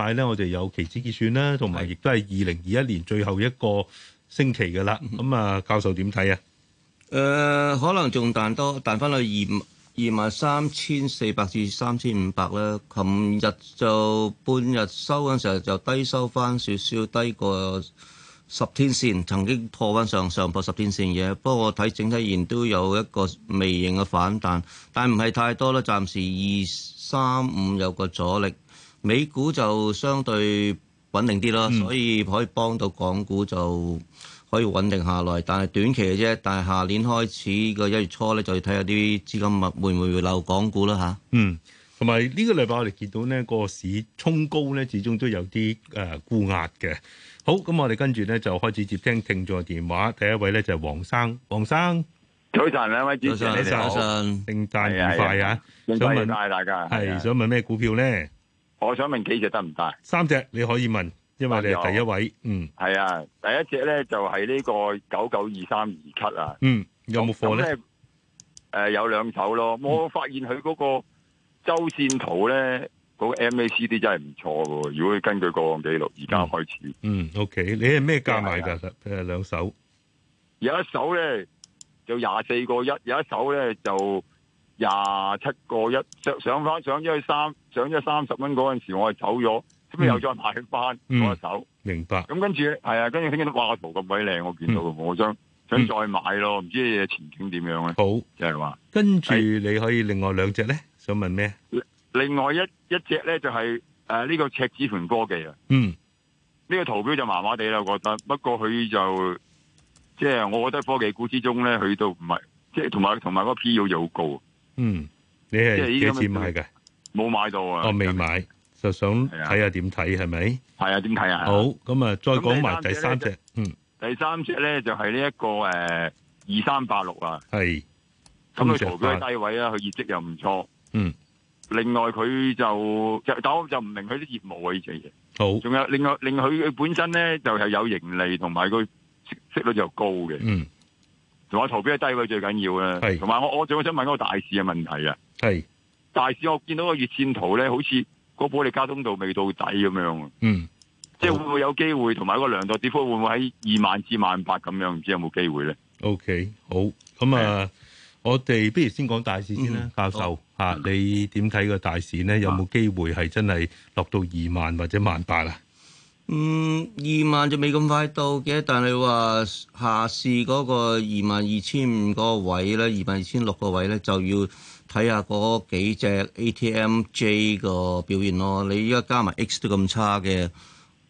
快咧，我哋有期指結算啦，同埋亦都係二零二一年最後一個星期噶啦。咁啊，教授點睇啊？誒、呃，可能仲彈多，彈翻去二二萬三千四百至三千五百啦。琴日就半日收嗰陣時候就低收翻少少，低過十天線，曾經破翻上上破十天線嘅。不過我睇整體現都有一個微型嘅反彈，但唔係太多啦。暫時二三五有個阻力。美股就相對穩定啲咯，嗯，所以可以幫到港股就可以穩定下來。但係短期嘅啫，但係下年開始嘅一月初咧，就要睇下啲資金物會唔會流港股啦吓，嗯，同埋呢個禮拜我哋見到呢個市衝高咧，始終都有啲誒沽壓嘅。好，咁我哋跟住咧就開始接聽聽座電話。第一位咧就係黃生，黃生，早晨。兩位主持人，早晨，聖誕愉快啊！愉快啊，愉快啊！想問快，多謝大家。係，想問咩股票咧？我想問幾隻得唔得？三隻你可以問，因為你係第一位。嗯，係、嗯、啊，第一隻咧就係、是、呢個九九二三二級啊。嗯，有冇貨咧？誒、呃，有兩手咯、嗯。我發現佢嗰個周線圖咧，嗰、那個 MACD 真係唔錯噶。如果根據過往記錄，而家開始。嗯，嗯，OK，你係咩價買噶？誒、啊，兩手，有一手咧就廿四個一，有一手咧就。廿七個一上上翻，上咗三上咗三十蚊嗰陣時，我係走咗，咁又再買翻、嗯、我手。明白。咁跟住係啊，跟住聽到畫圖咁鬼靚，我見到、嗯，我想想再買咯，唔知嘢前景點樣啊？好，就係、是、話跟住你可以另外兩隻咧，想問咩？另外一一隻咧就係誒呢個赤子盤科技啊。嗯，呢、這個圖標就麻麻地啦，我覺得。不過佢就即係、就是、我覺得科技股之中咧，佢都唔係即係同埋同埋個 P U 又好高。嗯，你係幾錢買嘅？冇買到啊！哦，未買，就想睇下點睇係咪？係啊，點睇啊？好，咁啊，再講埋第三隻。嗯，第三隻咧就係呢一個誒，二三八六啊。係，咁佢屠居低位啊，佢業績又唔錯。嗯，另外佢就但我就唔明佢啲業務啊呢隻嘢。好，仲有另外令佢本身咧就係、是、有盈利，同埋佢息率又高嘅。嗯。.同埋投標低位最緊要嘅、啊，同埋我我仲想問一個大市嘅問題啊！大市我見到個月線圖咧，好似個保歷加通道未到底咁樣啊！嗯，即係會唔會有機會同埋、嗯、個量度跌幅會唔會喺二萬至萬八咁樣？唔知有冇機會咧？OK，好咁啊，啊！我哋不如先講大市先啦、啊嗯，教授、嗯啊嗯、你點睇個大市咧？有冇機會係真係落到二萬或者萬八啊？嗯，二萬就未咁快到嘅，但係話下試嗰個二萬二千五個位咧，二萬二千六個位咧，就要睇下嗰幾隻 ATMJ 個表現咯。你依家加埋 X 都咁差嘅，誒、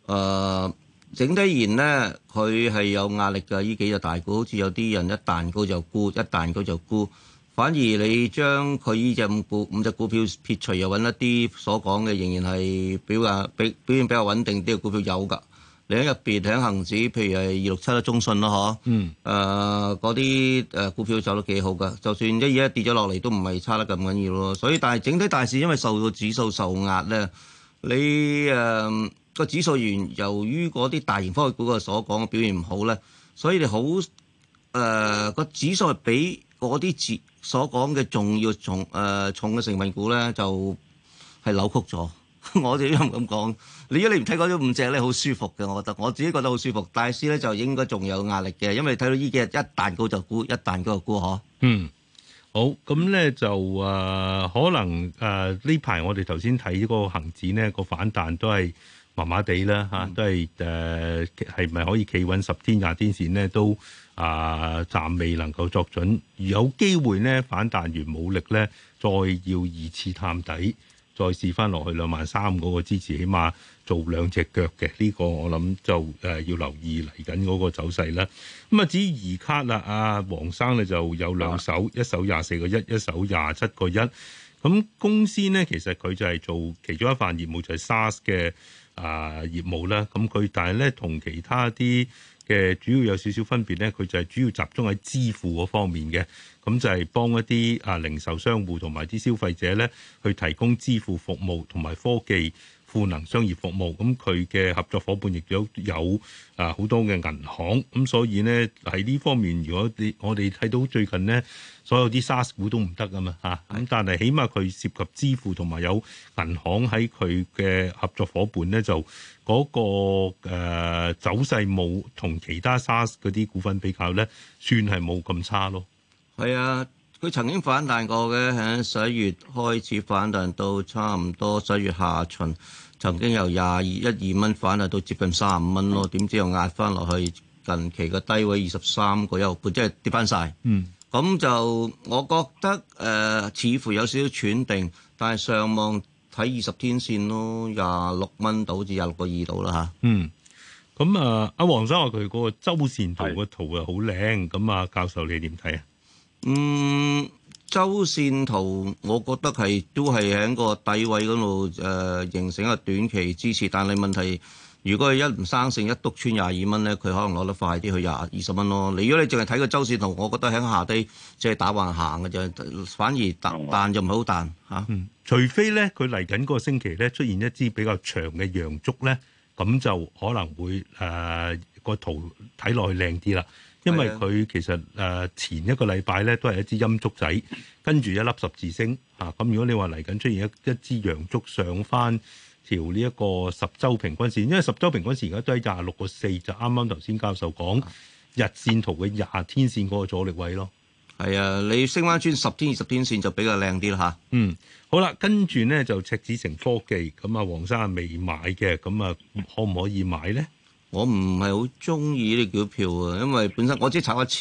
呃，整體然咧，佢係有壓力嘅。依幾隻大股好似有啲人一彈高就沽，一彈高就沽。反而你將佢呢隻五股五隻股票撇除，又揾一啲所講嘅，仍然係比如話表表現比較穩定啲嘅股票有㗎。你喺入邊喺恆指，譬如係二六七啦、中信啦，嗬，嗯，誒嗰啲誒股票走得幾好㗎。就算一而一跌咗落嚟，都唔係差得咁緊要咯。所以但係整體大市，因為受到指數受壓咧，你誒、呃嗰個指數源由於嗰啲大型科技股嘅所講嘅表現唔好咧，所以你好誒、呃嗰個指數係比。嗰啲字所講嘅重要重誒、呃、重嘅成分股咧，就係、是、扭曲咗。我哋都咁講，你果你唔睇嗰啲五隻咧，好舒服嘅，我覺得我自己覺得好舒服。大市咧就應該仲有壓力嘅，因為睇到呢幾日一彈高就沽，一彈高就沽。嗬。嗯，好。咁咧就誒、呃，可能誒、呃、呢排我哋頭先睇嗰個恆指咧，個反彈都係麻麻地啦嚇，都係誒係咪可以企穩十天廿天線咧都？啊，暫未能夠作準，有機會呢，反彈完武力呢，再要二次探底，再試翻落去兩萬三嗰個支持，起碼做兩隻腳嘅呢、呢個我，我諗就要留意嚟緊嗰個走勢啦。咁啊，至於二卡啦，阿、啊、黃生呢就有兩手，一手廿四個一，一手廿七個 1, 一。咁公司呢，其實佢就係做其中一塊業務，就係、是、SaaS 嘅啊業務啦。咁、啊、佢但係呢，同其他啲。嘅主要有少少分別呢，佢就係主要集中喺支付嗰方面嘅，咁就係幫一啲啊零售商戶同埋啲消費者呢，去提供支付服務同埋科技。賦能商業服務，咁佢嘅合作伙伴亦都有啊好多嘅銀行，咁所以呢，喺呢方面，如果我哋睇到最近呢，所有啲 SaaS 股都唔得㗎嘛嚇，咁但係起碼佢涉及支付同埋有銀行喺佢嘅合作伙伴呢，就嗰個誒走勢冇同其他 SaaS 嗰啲股份比較呢，算係冇咁差咯。係啊。佢曾經反彈過嘅，喺十一月開始反彈，到差唔多十一月下旬，曾經由廿二一二蚊反彈到接近三十五蚊咯。點知又壓翻落去近期嘅低位二十三個一二，即係跌翻晒。嗯，咁、嗯、就我覺得誒、呃，似乎有少少喘定，但係上望睇二十天線咯，廿六蚊到，好似廿六個二度啦吓，嗯，咁啊，阿黃生話佢嗰個周線圖嘅圖啊好靚，咁啊教授你點睇啊？嗯，周線圖我覺得係都係喺個低位嗰度，誒，形成一個短期支持。但係問題，如果佢一唔生性一督穿廿二蚊咧，佢可能攞得快啲去廿二十蚊咯。你如果你淨係睇個周線圖，我覺得喺下低即係打橫行嘅啫，反而彈彈就唔係好彈吓。除非咧，佢嚟緊個星期咧出現一支比較長嘅陽燭咧，咁就可能會誒個、呃、圖睇落去靚啲啦。因為佢其實誒前一個禮拜咧都係一支陰燭仔，跟住一粒十字星嚇。咁、啊、如果你話嚟緊出現一一支陽燭上翻條呢一個十週平均線，因為十週平均線而家都係廿六個四，就啱啱頭先教授講日線圖嘅廿天線嗰個阻力位咯。係啊，你升翻轉十天二十天線就比較靚啲啦嚇。嗯，好啦，跟住呢就赤子城科技，咁啊黃生係未買嘅，咁、嗯、啊、嗯、可唔可以買咧？我唔係好中意呢啲票啊，因為本身我只炒一次，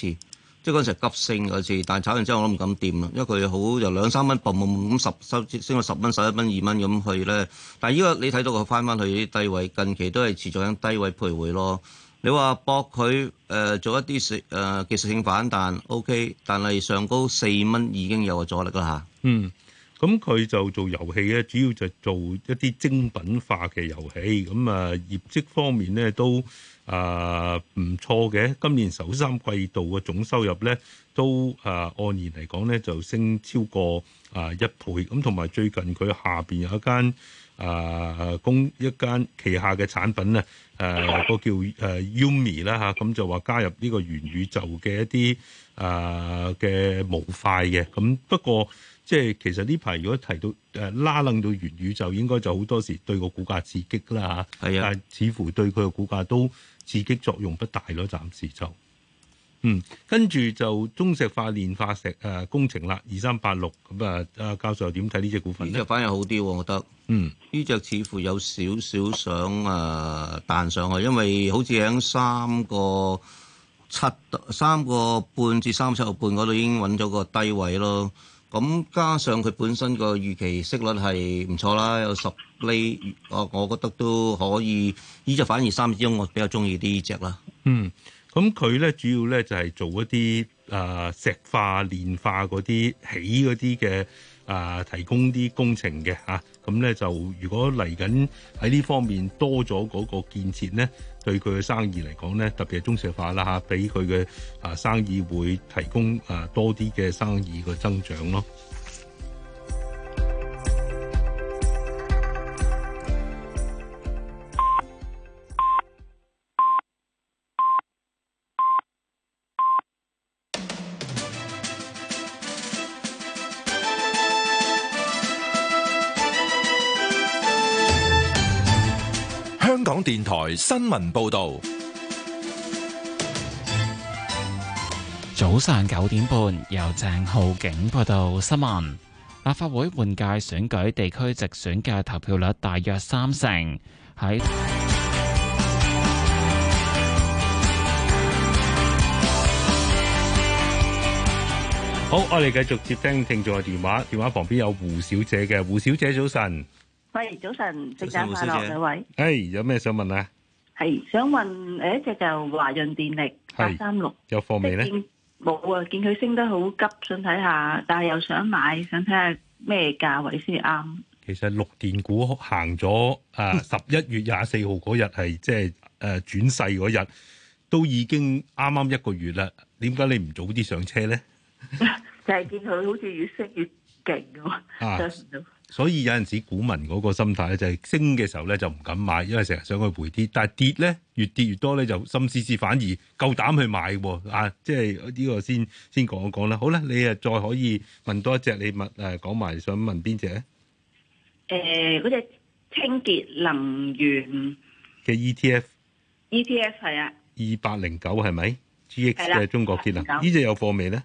即係嗰陣時急升嗰次，但係炒完之後我都唔敢掂啦，因為佢好就兩三蚊搏懵咁十收升到十蚊十一蚊二蚊咁去咧。但係依家你睇到佢翻翻去啲低位，近期都係持續喺低位徘徊咯。你話博佢誒做一啲誒技術性反彈，OK，但係上高四蚊已經有個阻力啦吓嗯。咁佢就做遊戲咧，主要就做一啲精品化嘅遊戲。咁啊業績方面咧都啊唔錯嘅。今年首三季度嘅總收入咧都啊按年嚟講咧就升超過啊一倍。咁同埋最近佢下邊有一間啊公一間旗下嘅產品咧，誒、啊那個叫誒 Yumi 啦吓，咁就話加入呢個元宇宙嘅一啲誒嘅模塊嘅。咁、啊、不過。即係其實呢排如果提到誒、呃、拉楞到粵語，就應該就好多時對個股價刺激啦嚇。係啊，但係似乎對佢個股價都刺激作用不大咯，暫時就嗯跟住就中石化煉化石誒、呃、工程啦，二三八六咁啊，啊教授又點睇呢隻股份？呢隻反而好啲、啊，我覺得。嗯，呢隻似乎有少少想誒彈、呃、上去，因為好似喺三個七三個半至三七個半嗰度已經揾咗個低位咯。咁加上佢本身個預期息率係唔錯啦，有十厘，我我覺得都可以。呢隻反而三支中我比較中意啲呢隻啦。嗯，咁佢咧主要咧就係做一啲誒石化、煉化嗰啲起嗰啲嘅誒提供啲工程嘅吓咁咧就如果嚟緊喺呢方面多咗嗰個建設咧，對佢嘅生意嚟講咧，特別係中石化啦嚇，俾佢嘅啊生意會提供啊多啲嘅生意嘅增長咯。香港電台新聞報道，早上九點半由鄭浩景報道新聞。立法會換屆選舉地區直選嘅投票率大約三成。喺好，我哋繼續接聽聽眾嘅電話，電話旁邊有胡小姐嘅，胡小姐早晨。喂、hey,，早晨，聖誕快樂，兩位。誒、hey,，有咩想問啊？係、hey, 想問誒，一隻、欸、就華潤電力八三六有貨未咧？冇啊，見佢升得好急，想睇下，但係又想買，想睇下咩價位先啱。其實六電股行咗啊，十、呃、一月廿四號嗰日係即係誒轉勢嗰日，都已經啱啱一個月啦。為什麼不點解你唔早啲上車咧？ 就係見佢好似越升越勁 咁！所以有陣時股民嗰個心態咧，就係升嘅時候咧就唔敢買，因為成日想去回跌。但係跌咧，越跌越多咧，就心思思反而夠膽去買喎。啊，即係呢個先先講一講啦。好啦，你啊再可以問多一隻，你問誒講埋想問邊隻？誒，嗰隻清潔能源嘅 ETF，ETF 係啊，二八零九係咪？G X 嘅中國潔能呢隻有貨未咧？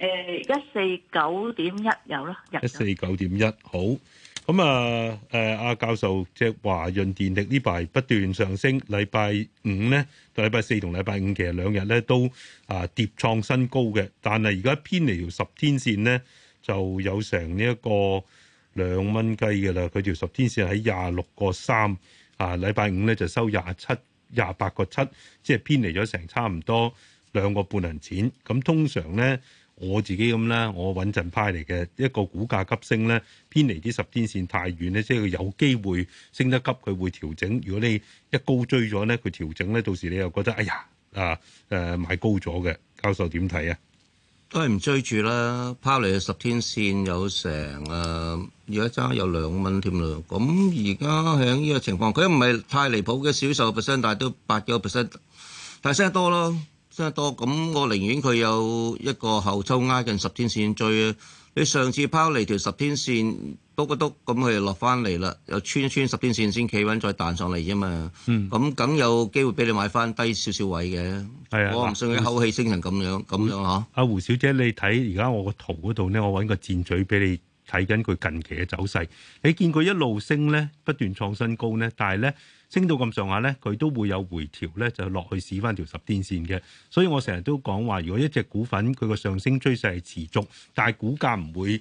誒一四九點一有咯，一四九點一好咁啊。誒、啊、阿教授，即華潤電力呢排，不斷上升。禮拜五咧，到禮拜四同禮拜五其實兩日咧都啊跌創新高嘅。但係而家偏離條十天線呢，就有成呢一個兩蚊雞嘅啦。佢條十天線喺廿六個三啊，禮拜五咧就收廿七、廿八個七，即係偏離咗成差唔多兩個半銀錢。咁通常咧～我自己咁啦，我穩陣派嚟嘅一個股價急升咧，偏離啲十天線太遠咧，即係佢有機會升得急，佢會調整。如果你一高追咗咧，佢調整咧，到時你又覺得哎呀啊誒、啊、買高咗嘅，教授點睇啊？都係唔追住啦，拋嚟嘅十天線有成誒，而家爭有兩蚊添啦。咁而家喺呢個情況，佢唔係太離譜嘅少數 percent，但係都八幾個 percent，但係升得多咯。真係多咁，我寧願佢有一個後抽挨近十天線再。你上次拋嚟條十天線篤一篤，咁佢就落翻嚟啦，又穿穿十天線先企穩，再彈上嚟啫嘛。嗯。咁梗有機會俾你買翻低少少位嘅。係啊。我唔信佢口氣升成咁樣咁、啊、樣嚇。阿、嗯啊、胡小姐，你睇而家我個圖嗰度咧，我揾個箭嘴俾你睇緊佢近期嘅走勢。你見佢一路升咧，不斷創新高咧，但係咧。升到咁上下咧，佢都會有回調咧，就落去試翻條十天線嘅。所以我成日都講話，如果一隻股份佢個上升趨勢係持續，但係股價唔會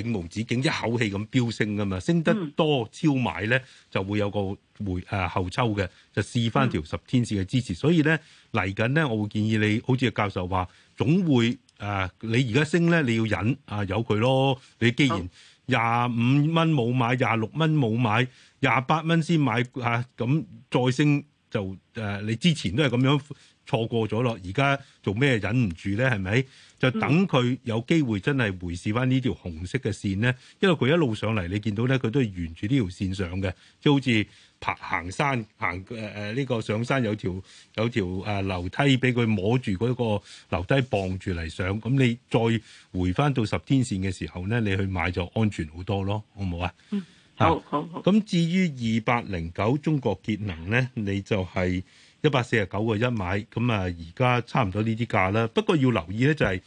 永無止境一口氣咁飆升噶嘛。升得多超買咧，就會有個回誒、啊、後抽嘅，就試翻條十天線嘅支持。所以咧嚟緊咧，我會建議你好似教授話，總會、啊、你而家升咧，你要忍啊，有佢咯。你既然廿五蚊冇買，廿六蚊冇買。廿八蚊先買嚇，咁、啊、再升就誒、啊，你之前都係咁樣錯過咗咯。而家做咩忍唔住咧？係咪？就等佢有機會真係回視翻呢條紅色嘅線咧，因為佢一路上嚟，你見到咧，佢都係沿住呢條線上嘅，即係好似爬行山行誒誒呢個上山有條有條誒、啊、樓梯俾佢摸住嗰個樓梯傍住嚟上。咁你再回翻到十天線嘅時候咧，你去買就安全好多咯，好唔好啊？嗯好好好，咁、啊、至於二百零九中國結能咧，你就係一百四十九個一買，咁啊而家差唔多呢啲價啦。不過要留意咧、就係，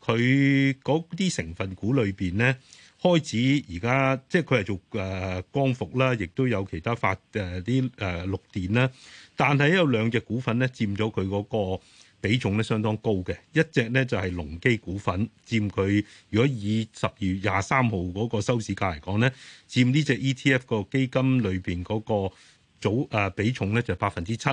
就係佢嗰啲成分股裏面咧，開始而家即係佢係做誒、呃、光伏啦，亦都有其他發誒啲誒綠電啦。但係有兩隻股份咧，佔咗佢嗰個比重咧相當高嘅，一隻呢就係隆基股份，佔佢如果以十二月廿三號嗰個收市價嚟講呢，佔呢隻 ETF 個基金裏邊嗰個組比重呢就百分之七，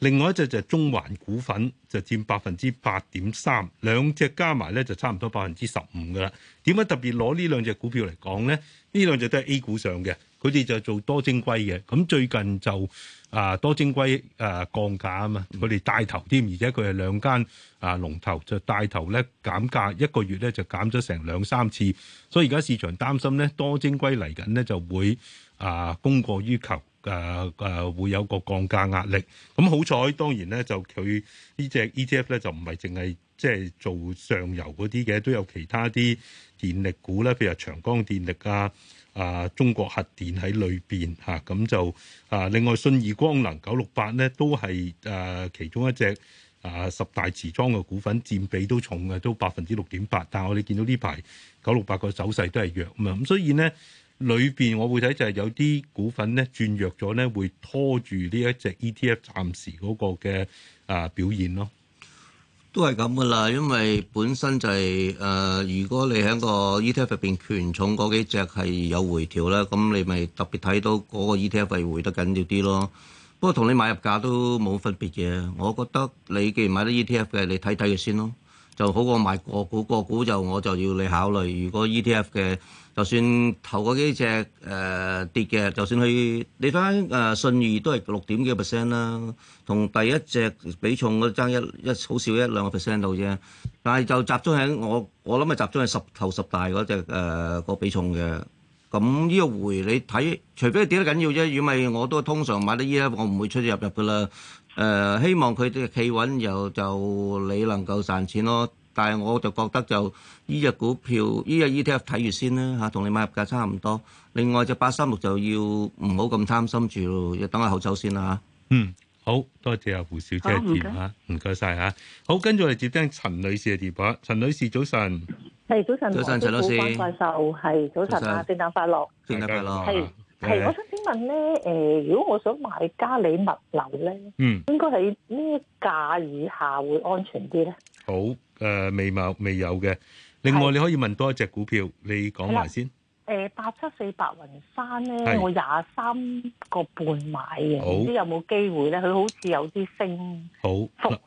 另外一隻就係中環股份，就佔百分之八點三，兩隻加埋呢就差唔多百分之十五噶啦。點解特別攞呢兩隻股票嚟講呢？呢兩隻都係 A 股上嘅。佢哋就做多晶硅嘅，咁最近就啊多晶硅啊降價啊嘛，佢哋帶頭添，而且佢係兩間啊龍頭就帶頭咧減價，一個月咧就減咗成兩三次，所以而家市場擔心咧多晶硅嚟緊咧就會啊供過於求，誒、啊、誒、啊、會有個降價壓力。咁好彩當然咧就佢呢就隻 ETF 咧就唔係淨係即係做上游嗰啲嘅，都有其他啲電力股咧，譬如長江電力啊。啊！中國核電喺裏邊嚇，咁、啊、就啊，另外信義光能九六八咧都係啊其中一隻啊十大持倉嘅股份，佔比都重嘅，都百分之六點八。但係我哋見到呢排九六八個走勢都係弱啊嘛，咁所以咧裏邊我會睇就係有啲股份咧轉弱咗咧，會拖住呢一隻 ETF 暫時嗰個嘅啊表現咯。都係咁噶喇，因為本身就係、是、誒、呃，如果你喺個 E T F 入面權重嗰幾隻係有回調咧，咁你咪特別睇到嗰個 E T F 係回得緊要啲囉。不過同你買入價都冇分別嘅，我覺得你既然買咗 E T F 嘅，你睇睇佢先囉。就好過買個股，個股就我就要你考慮。如果 ETF 嘅，就算頭嗰幾隻、呃、跌嘅，就算佢你睇誒、呃、信譽都係六點幾 percent 啦，同第一隻比重我爭一一,一好少一兩個 percent 到啫。但係就集中喺我，我諗係集中喺十頭十大嗰隻誒個比重嘅。咁呢個回你睇，除非你跌得緊要啫，如果唔係我都通常買啲 ETF，我唔會出入入㗎啦。誒、呃，希望佢哋嘅企穩又就你能夠賺錢咯。但係我就覺得就呢隻股票呢隻 ETF 睇住先啦吓，同、啊、你買入價差唔多。另外隻八三六就要唔好咁貪心住咯，要等下好走先啦吓，啊。嗯，好多謝阿胡小姐嘅意見吓，唔該晒吓。好，跟住我哋接聽陳女士嘅電話。陳女士早晨，係早晨，早晨，陳老師，歡快樂，係早晨啊，聖誕快樂，聖誕快樂，係。係，我想請問咧，誒，如果我想買嘉里物流咧，嗯，應該喺咩價以下會安全啲咧？好，誒，未冇未有嘅。另外你可以問多一隻股票，你講埋先。誒，八七四白雲山咧，我廿三個半買嘅，唔知有冇機會咧？佢好似有啲升，好，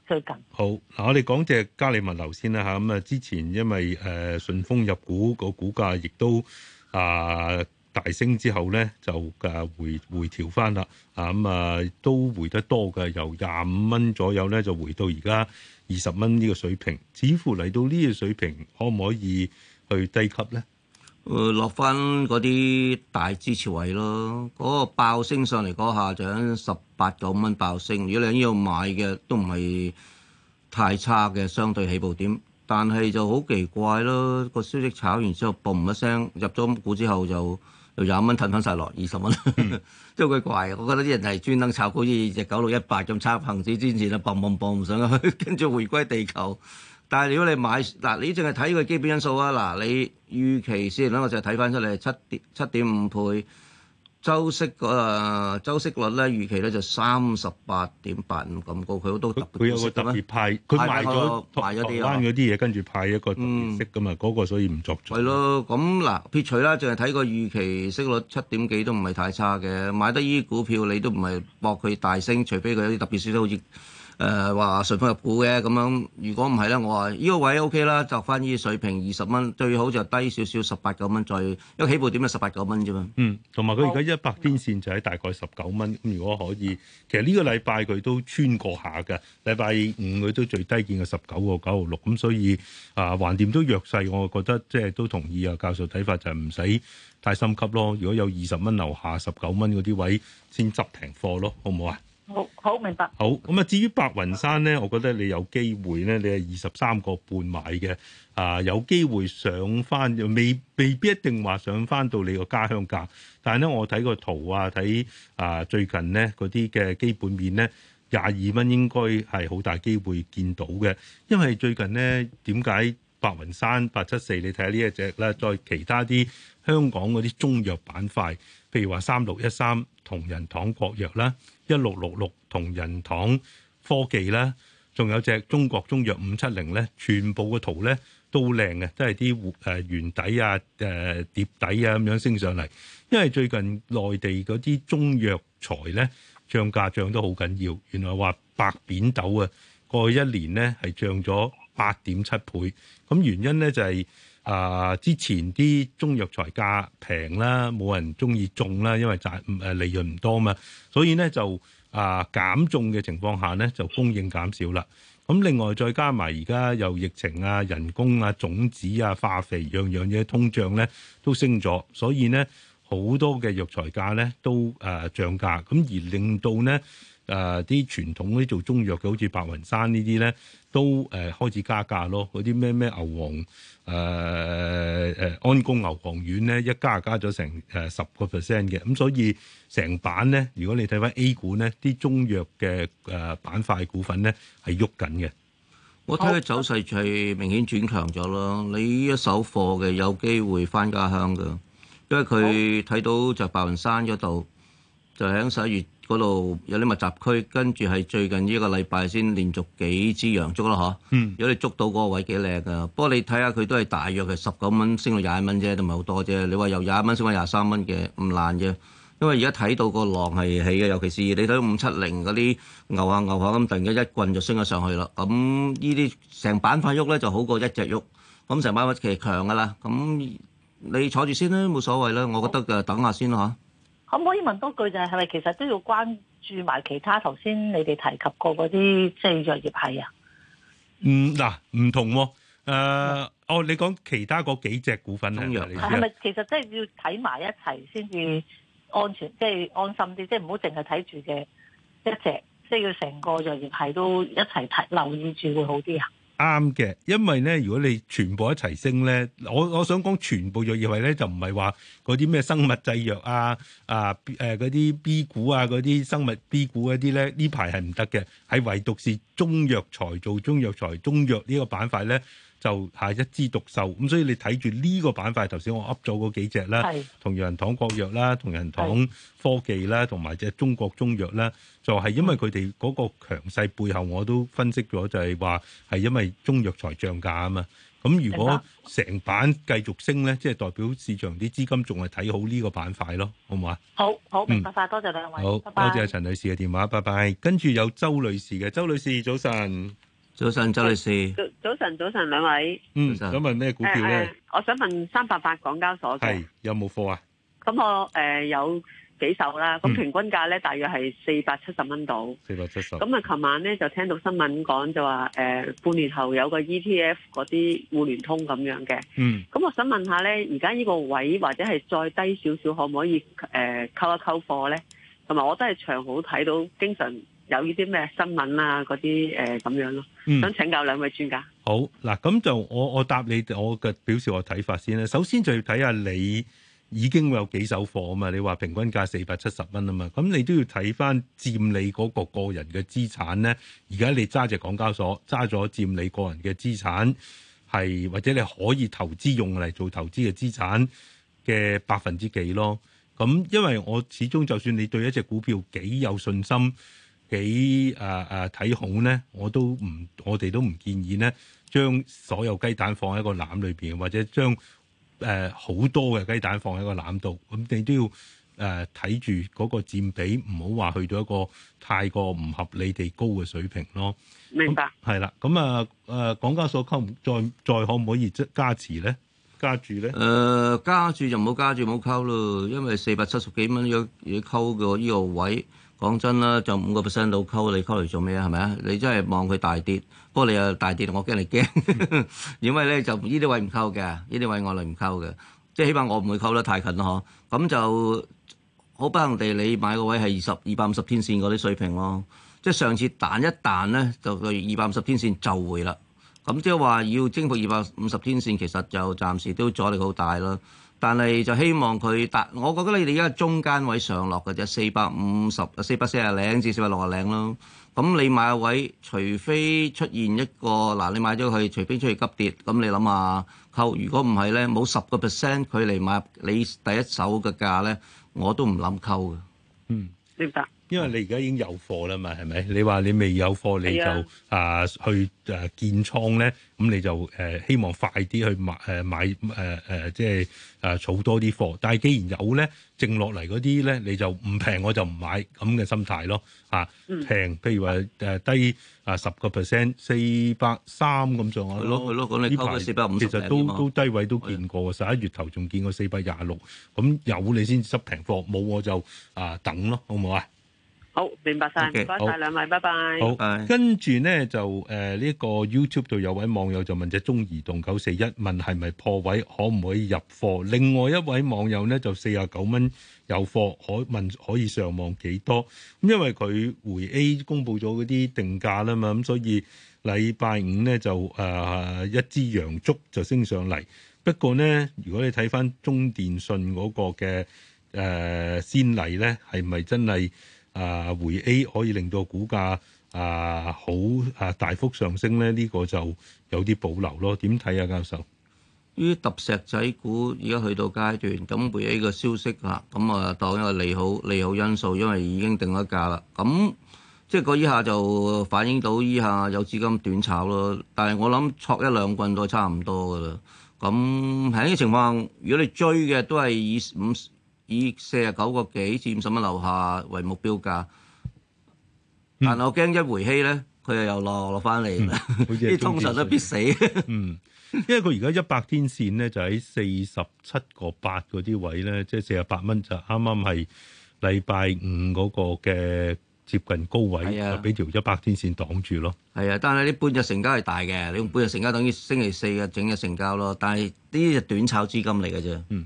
最近好。嗱，我哋講隻嘉里物流先啦吓，咁啊，之前因為誒順豐入股個股價亦都啊。大升之後咧，就誒回回調翻啦，啊咁啊都回得多嘅，由廿五蚊左右咧，就回到而家二十蚊呢個水平。似乎嚟到呢個水平，可唔可以去低級咧？誒、呃，落翻嗰啲大支持位咯。嗰、嗰個爆升上嚟嗰下就喺十八九蚊爆升。如果你喺呢度買嘅，都唔係太差嘅，相對起步點。但係就好奇怪咯，個消息炒完之後，嘣一聲入咗股之後就～到廿蚊褪翻晒落，二十蚊都好鬼怪，我覺得啲人係專登炒嗰似隻九六一八咁，96, 800，炒恆指之前咧，boom boom boom 上去，跟住回歸地球。但係如果你買嗱，你淨係睇佢基本因素啊！嗱，你預期市盈率我就睇翻出嚟七點七點五倍。周息個周息率咧，預期咧就三十八點八五咁高，佢都特有個特別派，佢賣咗賣咗啲嘢，跟住派、嗯、派一個特別息噶嘛，嗰、那個所以唔作準。係咯，咁嗱撇除啦，淨係睇個預期息率七點幾都唔係太差嘅，買得呢啲股票你都唔係博佢大升，除非佢有啲特別消息都好似。誒話順豐入股嘅咁樣，如果唔係咧，我話呢個位 OK 啦，就翻呢水平二十蚊，最好就低少少十八九蚊再，因為起步點咪十八九蚊啫嘛。嗯，同埋佢而家一百天線就喺大概十九蚊，咁如果可以，其實呢個禮拜佢都穿過下㗎。禮拜五佢都最低見嘅十九個九毫六，咁所以啊，呃、橫掂都弱勢，我覺得即係都同意啊教授睇法，就係唔使太心急咯。如果有二十蚊樓下十九蚊嗰啲位，先執停貨咯，好唔好啊？好，好明白。好，咁啊，至於白雲山咧，我覺得你有機會咧，你係二十三個半買嘅，啊，有機會上翻，未未必一定話上翻到你個家鄉價。但係咧，我睇個圖啊，睇啊最近呢嗰啲嘅基本面咧，廿二蚊應該係好大機會見到嘅。因為最近咧，點解白雲山八七四？874，你睇下呢一隻啦，再其他啲香港嗰啲中藥板塊。譬如話三六一三同仁堂國藥啦，一六六六同仁堂科技啦，仲有隻中國中藥五七零咧，全部嘅圖咧都靚嘅，都係啲弧誒圓底啊、誒碟底啊咁樣升上嚟。因為最近內地嗰啲中藥材咧漲價漲得好緊要，原來話白扁豆啊，過去一年咧係漲咗八點七倍，咁原因咧就係、是。啊、呃！之前啲中藥材價平啦，冇人中意種啦，因為賺利潤唔多嘛，所以咧就啊、呃、減種嘅情況下咧就供應減少啦。咁另外再加埋而家又疫情啊、人工啊、種子啊、化肥樣樣嘢通脹咧都升咗，所以咧好多嘅藥材價咧都誒漲價，咁而令到咧。誒、呃、啲傳統啲做中藥嘅，好似白雲山呢啲咧，都誒、呃、開始加價咯。嗰啲咩咩牛黃誒誒安宮牛黃丸咧，一加加咗成誒十個 percent 嘅。咁、呃、所以成版咧，如果你睇翻 A 股咧，啲中藥嘅誒板塊股份咧係喐緊嘅。我睇佢走勢係明顯轉強咗咯。你一手貨嘅有機會翻家鄉㗎，因為佢睇到就白雲山嗰度就響十一月。嗰度有啲密集區，跟住係最近呢一個禮拜先連續幾支陽燭啦，嗬、啊嗯。如果你捉到嗰個位幾靚㗎，不過你睇下佢都係大約係十九蚊升到廿一蚊啫，都唔係好多啫。你話由廿一蚊升翻廿三蚊嘅唔難啫，因為而家睇到個浪係起嘅，尤其是你睇到五七零嗰啲牛下牛下咁，突然間一棍就升咗上去啦。咁呢啲成板塊喐咧就好過一隻喐，咁、啊、成板塊其實強噶啦。咁、啊、你坐住先啦，冇所謂啦。我覺得嘅等下先啦，啊可唔可以問多句就係係咪其實都要關注埋其他頭先你哋提及過嗰啲即係藥業系啊？嗯，嗱、啊，唔同喎、啊呃嗯。哦，你講其他嗰幾隻股份，中藥嚟嘅。係咪其實即係要睇埋一齊先至安全，即係安心啲，即係唔好淨係睇住嘅一隻，即係要成個藥業系都一齊睇留意住會好啲啊？啱嘅，因為咧，如果你全部一齊升咧，我我想講全部就意味咧，就唔係話嗰啲咩生物製藥啊、啊、嗰、啊、啲 B 股啊、嗰啲生物 B 股嗰啲咧，呢排係唔得嘅，係唯獨是中藥材做中藥材、中藥呢個板塊咧。就係一枝獨秀咁，所以你睇住呢個板塊，頭先我噏咗嗰幾隻啦，同仁堂國藥啦，同仁堂科技啦，同埋隻中國中藥啦，就係、是、因為佢哋嗰個強勢背後，我都分析咗，就係話係因為中藥材漲價啊嘛。咁如果成版繼續升呢，即係代表市場啲資金仲係睇好呢個板塊咯，好唔好啊？好好，明白、嗯、好，拜拜，多謝兩位，多謝陳女士嘅電話，拜拜。跟住有周女士嘅，周女士早晨。早晨，周律師。早晨，早晨兩位。嗯，想問咩股票咧、呃呃？我想問三八八港交所，係有冇貨啊？咁我誒、呃、有幾手啦，咁平均價咧大約係四百七十蚊度。四百七十。咁啊，琴晚咧就聽到新聞講就話誒，半年後有個 ETF 嗰啲互聯通咁樣嘅。嗯。咁我想問一下咧、呃，而家呢個位或者係再低少少，可唔可以誒，溝一溝貨咧？同埋我都係長好睇到，經常。有呢啲咩新聞啊？嗰啲誒咁樣咯，想請教兩位專家。嗯、好嗱，咁就我我答你，我嘅表示我睇法先咧。首先就要睇下你已經有幾手貨啊嘛。你話平均價四百七十蚊啊嘛，咁你都要睇返佔你嗰個個人嘅資產咧。而家你揸隻港交所揸咗，佔你個人嘅資產係或者你可以投資用嚟做投資嘅資產嘅百分之幾咯。咁因為我始終就算你對一隻股票幾有信心，幾啊睇好咧，我都唔，我哋都唔建議咧，將所有雞蛋放喺個籃裏面，或者將呃、好多嘅雞蛋放喺個籃度，咁、嗯、你都要誒睇住嗰個佔比，唔好話去到一個太過唔合理地高嘅水平咯。明白，係、嗯、啦。咁啊、嗯呃、港交所溝唔再再可唔可以加持咧？加住咧？誒、呃，加住就唔好加住唔好溝咯，因為四百七十幾蚊有已經溝過呢個位。講真啦，就五個 percent 都溝你溝嚟做咩啊？係咪啊？你真係望佢大跌，不過你又大跌，我驚你驚， 因為咧就依啲位唔溝嘅，依啲位我嚟唔溝嘅，即係起碼我唔會溝得太近咯嗬。咁就好不幸地，你買個位係二十二百五十天線嗰啲水平咯。即係上次彈一彈咧，就去二百五十天線就回啦。咁即係話要征服二百五十天線，其實就暫時都阻力好大啦。但係就希望佢，但我覺得你哋而家中間位上落嘅啫，四百五十、四百四啊零至四百六啊零咯。咁你買位，除非出現一個嗱，你買咗佢，除非出現急跌，咁你諗下，溝。如果唔係咧，冇十個 percent 距離買你第一手嘅價咧，我都唔諗溝嘅。嗯，明白。因為你而家已經有貨啦嘛，係咪？你話你未有貨你就啊、呃、去誒、呃、建倉咧，咁、嗯、你就誒、呃、希望快啲去買誒買誒誒，即係誒儲多啲貨。但係既然有咧，剩落嚟嗰啲咧，你就唔平我就唔買咁嘅心態咯嚇、啊嗯。平，譬如話誒、呃、低啊十個 percent，四百三咁仲有咯。係咯係咯，咁你拋個四百五，其實都都低位都見過。十一月頭仲見過四百廿六，咁有你先執平貨，冇我就啊、呃、等咯，好唔好啊？好，明白晒。唔該晒兩位，拜拜。好，bye. 跟住呢就誒呢、呃這個 YouTube 度有位網友就問隻中移動九四一，問係咪破位，可唔可以入貨？另外一位網友呢，就四十九蚊有貨，可問可以上望幾多？咁因為佢回 A 公佈咗嗰啲定價啦嘛，咁所以禮拜五呢，就誒、呃、一支陽燭就升上嚟。不過呢，如果你睇翻中電信嗰個嘅誒、呃、先例呢，係咪真係？啊，回 A 可以令到股價啊好啊大幅上升咧，呢個就有啲保留咯。點睇啊，教授？呢啲揼石仔股而家去到階段，咁回 A 個消息嚇，咁啊當一個利好，利好因素，因為已經定咗價啦。咁即係個依下就反映到依下有資金短炒咯。但係我諗戳一兩棍都差唔多噶啦。咁喺呢個情況，如果你追嘅都係以五。以四十九個幾至五十蚊樓下為目標價，但我驚一回稀咧，佢又又落落翻嚟。呢、嗯、通常都必死。嗯，因為佢而家一百天線咧就喺四十七個八嗰啲位咧，即係四十八蚊就啱啱係禮拜五嗰個嘅接近高位，啊、就俾條一百天線擋住咯。係啊，但係啲半日成交係大嘅，你用半日成交等於星期四嘅整日成交咯。但係呢啲就短炒資金嚟嘅啫。嗯。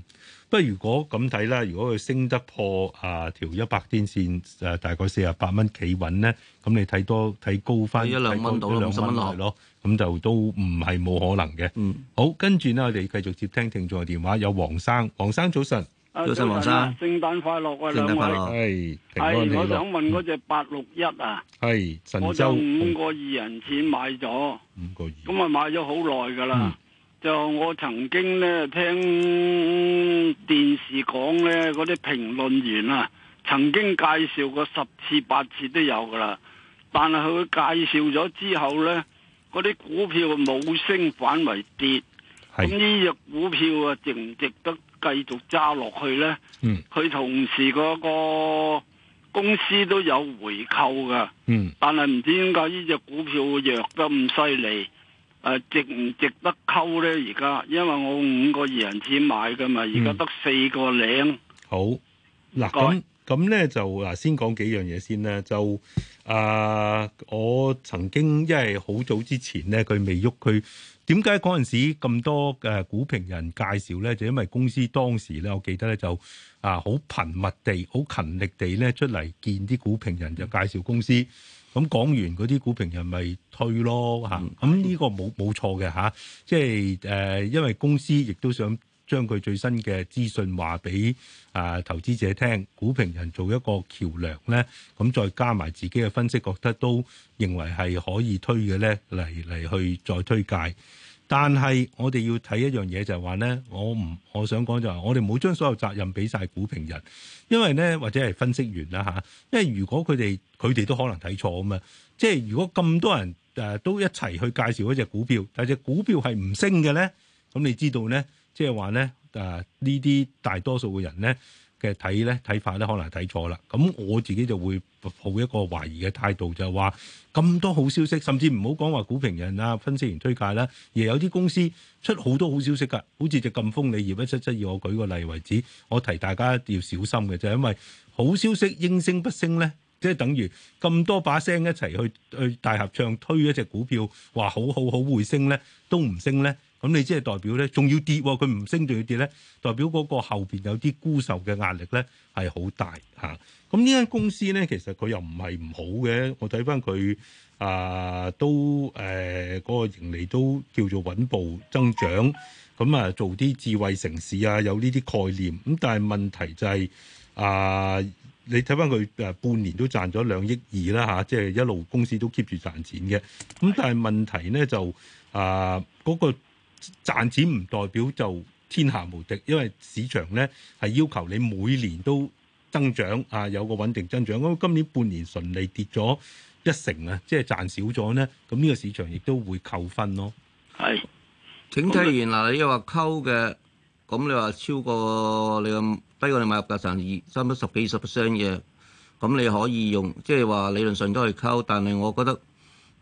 不如果咁睇啦，如果佢升得破啊條一百天線啊，大概四十八蚊企穩咧，咁你睇多睇高翻一兩蚊到咯，兩十蚊落係咯，咁就都唔係冇可能嘅。嗯，好，跟住咧我哋繼續接聽聽眾嘅電話，有黃生，黃生早晨，早晨黃生，聖誕快樂啊，兩位，係，係，我想問嗰隻八六一啊，係，神州五個二人錢買咗，五個二，咁啊買咗好耐㗎啦。就我曾經呢聽電視講呢嗰啲評論員啊，曾經介紹過十次八次都有噶啦。但係佢介紹咗之後呢，嗰啲股票冇升反為跌。咁呢隻股票啊，值唔值得繼續揸落去呢？佢、嗯、同時嗰個公司都有回購噶。嗯，但係唔知點解呢隻股票弱得咁犀利。誒、啊，值唔值得溝咧？而家，因為我五個二人錢買嘅嘛，而家得四個零。好嗱，咁咁咧就嗱，先講幾樣嘢先啦。就啊，我曾經因為好早之前咧，佢未喐，佢點解嗰陣時咁多誒、啊、股評人介紹咧？就因為公司當時咧，我記得咧就啊，好頻密地、好勤力地咧出嚟見啲股評人，就介紹公司。咁講完嗰啲股評人咪推咯嚇，咁呢個冇冇錯嘅嚇，即係誒，因為公司亦都想將佢最新嘅資訊話俾啊投資者聽，股評人做一個橋梁咧，咁再加埋自己嘅分析，覺得都認為係可以推嘅咧，嚟嚟去再推介。但係我哋要睇一樣嘢就係話咧，我唔我想講就話我哋唔好將所有責任俾晒股評人，因為咧或者係分析員啦嚇，因為如果佢哋佢哋都可能睇錯吖嘛。即係如果咁多人誒都一齊去介紹嗰隻股票，但隻股票係唔升嘅咧，咁你知道咧，即係話咧呢啲、啊、大多數嘅人咧。嘅睇咧睇法咧可能睇錯啦，咁我自己就會抱一個懷疑嘅態度，就係話咁多好消息，甚至唔好講話股評人啊、分析員推介啦，而有啲公司出好多好消息噶，好似隻贛鋒鋰業一七七二，我舉個例為止，我提大家要小心嘅就係因為好消息應聲不升咧，即係等於咁多把聲一齊去去大合唱推一隻股票，話好好好會升咧，都唔升咧。咁你即係代表咧，仲要跌喎？佢唔升仲要跌咧？代表嗰個後面有啲沽售嘅壓力咧，係好大嚇。咁呢間公司咧，其實佢又唔係唔好嘅。我睇翻佢啊，都誒嗰、啊嗰個盈利都叫做穩步增長。咁啊，做啲智慧城市啊，有呢啲概念。咁、啊、但係問題就係、係、啊，你睇翻佢半年都賺咗兩億二啦吓，即、就、係、係、一路公司都 keep 住賺錢嘅。咁、啊、但係問題咧就啊嗰、嗰個。賺錢唔代表就天下無敵，因為市場咧係要求你每年都增長啊，有個穩定增長。咁今年半年順利跌咗一成啊，即係賺少咗咧，咁呢個市場亦都會扣分咯。係，整體原來你又話溝嘅，咁你話超過你個低過你買入價賺二、三百十幾二十 percent 嘅，咁你可以用，即係話理論上都係溝，但係我覺得。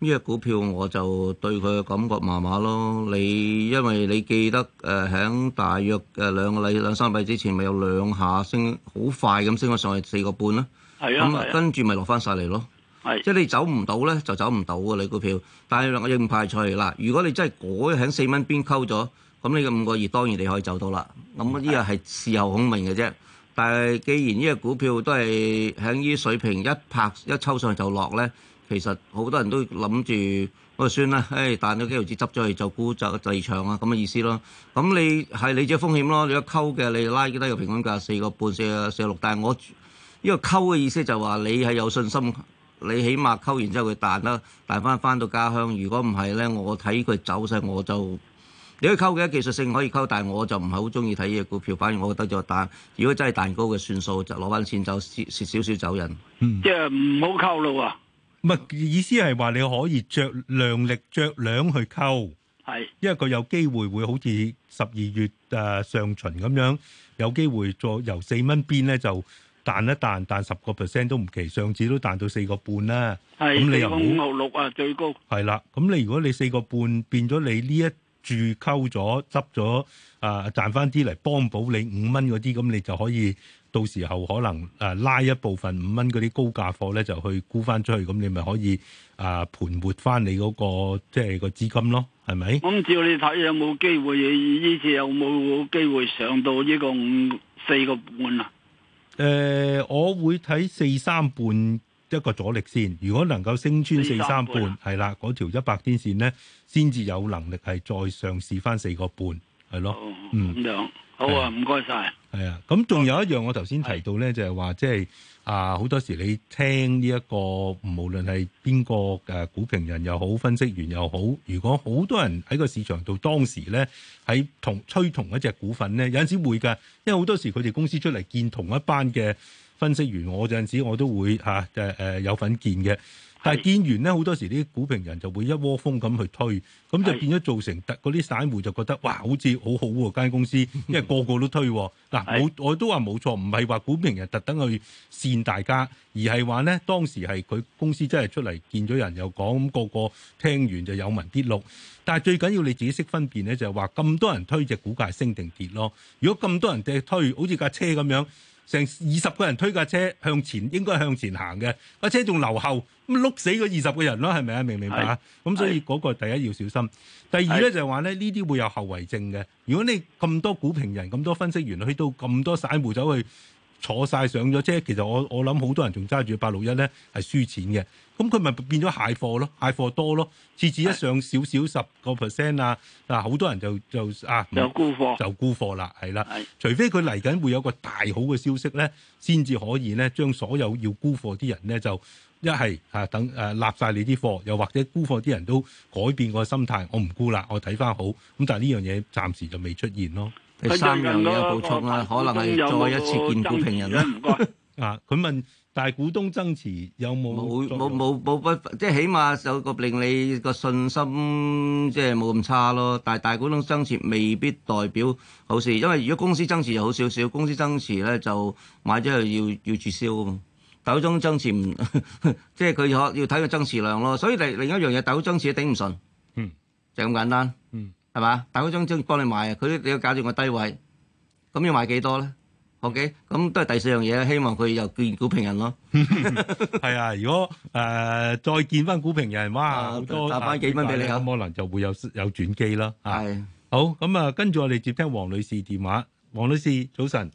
呢隻股票我就對佢嘅感覺麻麻咯。你因為你記得誒喺大約誒兩個禮兩三禮之前，咪有兩下升好快咁升咗上去四個半啦。係啊，咁啊，跟住咪落翻晒嚟咯。係。即係你走唔到咧，就走唔到啊！你股票，但係我唔排除嗱。如果你真係嗰日喺四蚊邊溝咗，咁呢個五個月當然你可以走到啦。咁呢個係事後孔明嘅啫。但係既然呢隻股票都係喺呢水平一拍一抽上嚟就落咧。其實好多人都諗住，我算啦，誒、哎，彈咗幾毫子執咗去就沽就滯長啊，咁嘅意思咯。咁你係你隻風險咯，你一溝嘅你拉幾多個平均價四個半四四六，但係我呢個溝嘅意思就話你係有信心，你起碼溝完之後佢彈啦，彈翻翻到家鄉。如果唔係咧，我睇佢走勢，我就你可以溝嘅技術性可以溝，但係我就唔係好中意睇呢隻股票，反而我覺得咗彈。如果真係彈高嘅算數，就攞翻錢走蝕少少走人。嗯、即係唔好溝路啊。唔係意思係話你可以著量力，着兩去溝，係因為佢有機會會好似十二月誒、啊、上旬咁樣有機會再由四蚊邊咧就彈一彈，彈十個 percent 都唔奇，上次都彈到四個半啦。係四個五毫六啊，最高。係啦，咁你如果你四個半變咗，你呢一注溝咗執咗啊，賺翻啲嚟幫補你五蚊嗰啲，咁你就可以。到時候可能誒、啊、拉一部分五蚊嗰啲高價貨咧，就去沽翻出去，咁你咪可以誒、啊、盤活翻你嗰、那個即係、就是、個資金咯，係咪？咁、嗯、照你睇有冇機會？呢次有冇機會上到呢個五四個半啊？誒、呃，我會睇四三半一個阻力線，如果能夠升穿四三半，係啦、啊，嗰條一百天線呢，先至有能力係再上試翻四個半。係咯，嗯，咁樣好啊，唔該晒。係啊，咁仲有一樣，我頭先提到咧，就係話即係啊，好多時你聽呢、這、一個無論係邊個誒股評人又好，分析員又好，如果好多人喺個市場度當時咧喺同吹同一隻股份咧，有陣時會㗎，因為好多時佢哋公司出嚟見同一班嘅分析員，我有陣時我都會吓誒誒有份見嘅。但係見完咧，好多時啲股評人就會一窩蜂咁去推，咁就變咗造成特嗰啲散戶就覺得哇，好似好好喎、啊、間公司，因為個個都推、啊，嗱 我都話冇錯，唔係話股評人特登去扇大家，而係話咧當時係佢公司真係出嚟見咗人又講，咁、那個個聽完就有紋有路。但係最緊要你自己識分辨咧，就係話咁多人推隻股價升定跌咯？如果咁多人隻推，好似架車咁樣。成二十個人推架車向前，應該向前行嘅，架車仲留後，咁碌死嗰二十個人咯，係咪啊？明唔明白啊？咁所以嗰個第一要小心，第二咧就係話咧呢啲會有後遺症嘅。如果你咁多股評人、咁多分析員去到咁多散戶走去。坐晒上咗車，其實我我諗好多人仲揸住八六一咧，係輸錢嘅，咁佢咪變咗蟹貨咯，蟹貨多咯，次次一上少少十個 percent 啊，嗱，好多人就就啊，就沽貨，就沽貨啦，係啦，除非佢嚟緊會有個大好嘅消息咧，先至可以咧，將所有要沽貨啲人咧就一係嚇等誒納曬你啲貨，又或者沽貨啲人都改變個心態，我唔沽啦，我睇翻好，咁但係呢樣嘢暫時就未出現咯。第三樣嘢有補充啦，可能係再一次見股評人啦。啊，佢問大股東增持有冇？冇冇冇冇不，即係起碼有個令你個信心即係冇咁差咯。但係大股東增持未必代表好事，因為如果公司增持就好少少，公司增持咧就買咗又要要註銷啊嘛。大股東增持即係佢可要睇個增持量咯。所以另另一樣嘢，大股東增持頂唔順，嗯，就咁簡單，嗯。係嘛？大股商中幫你買啊！佢你要搞掂個低位，咁要買幾多咧？OK，咁都係第四樣嘢啦。希望佢又見股評人咯。係啊！如果誒再見翻股評人，哇，多賺翻幾蚊俾你啊！咁可能就會有有轉機啦。係好咁啊！跟住我哋接聽黃女士電話。黃女士，早晨。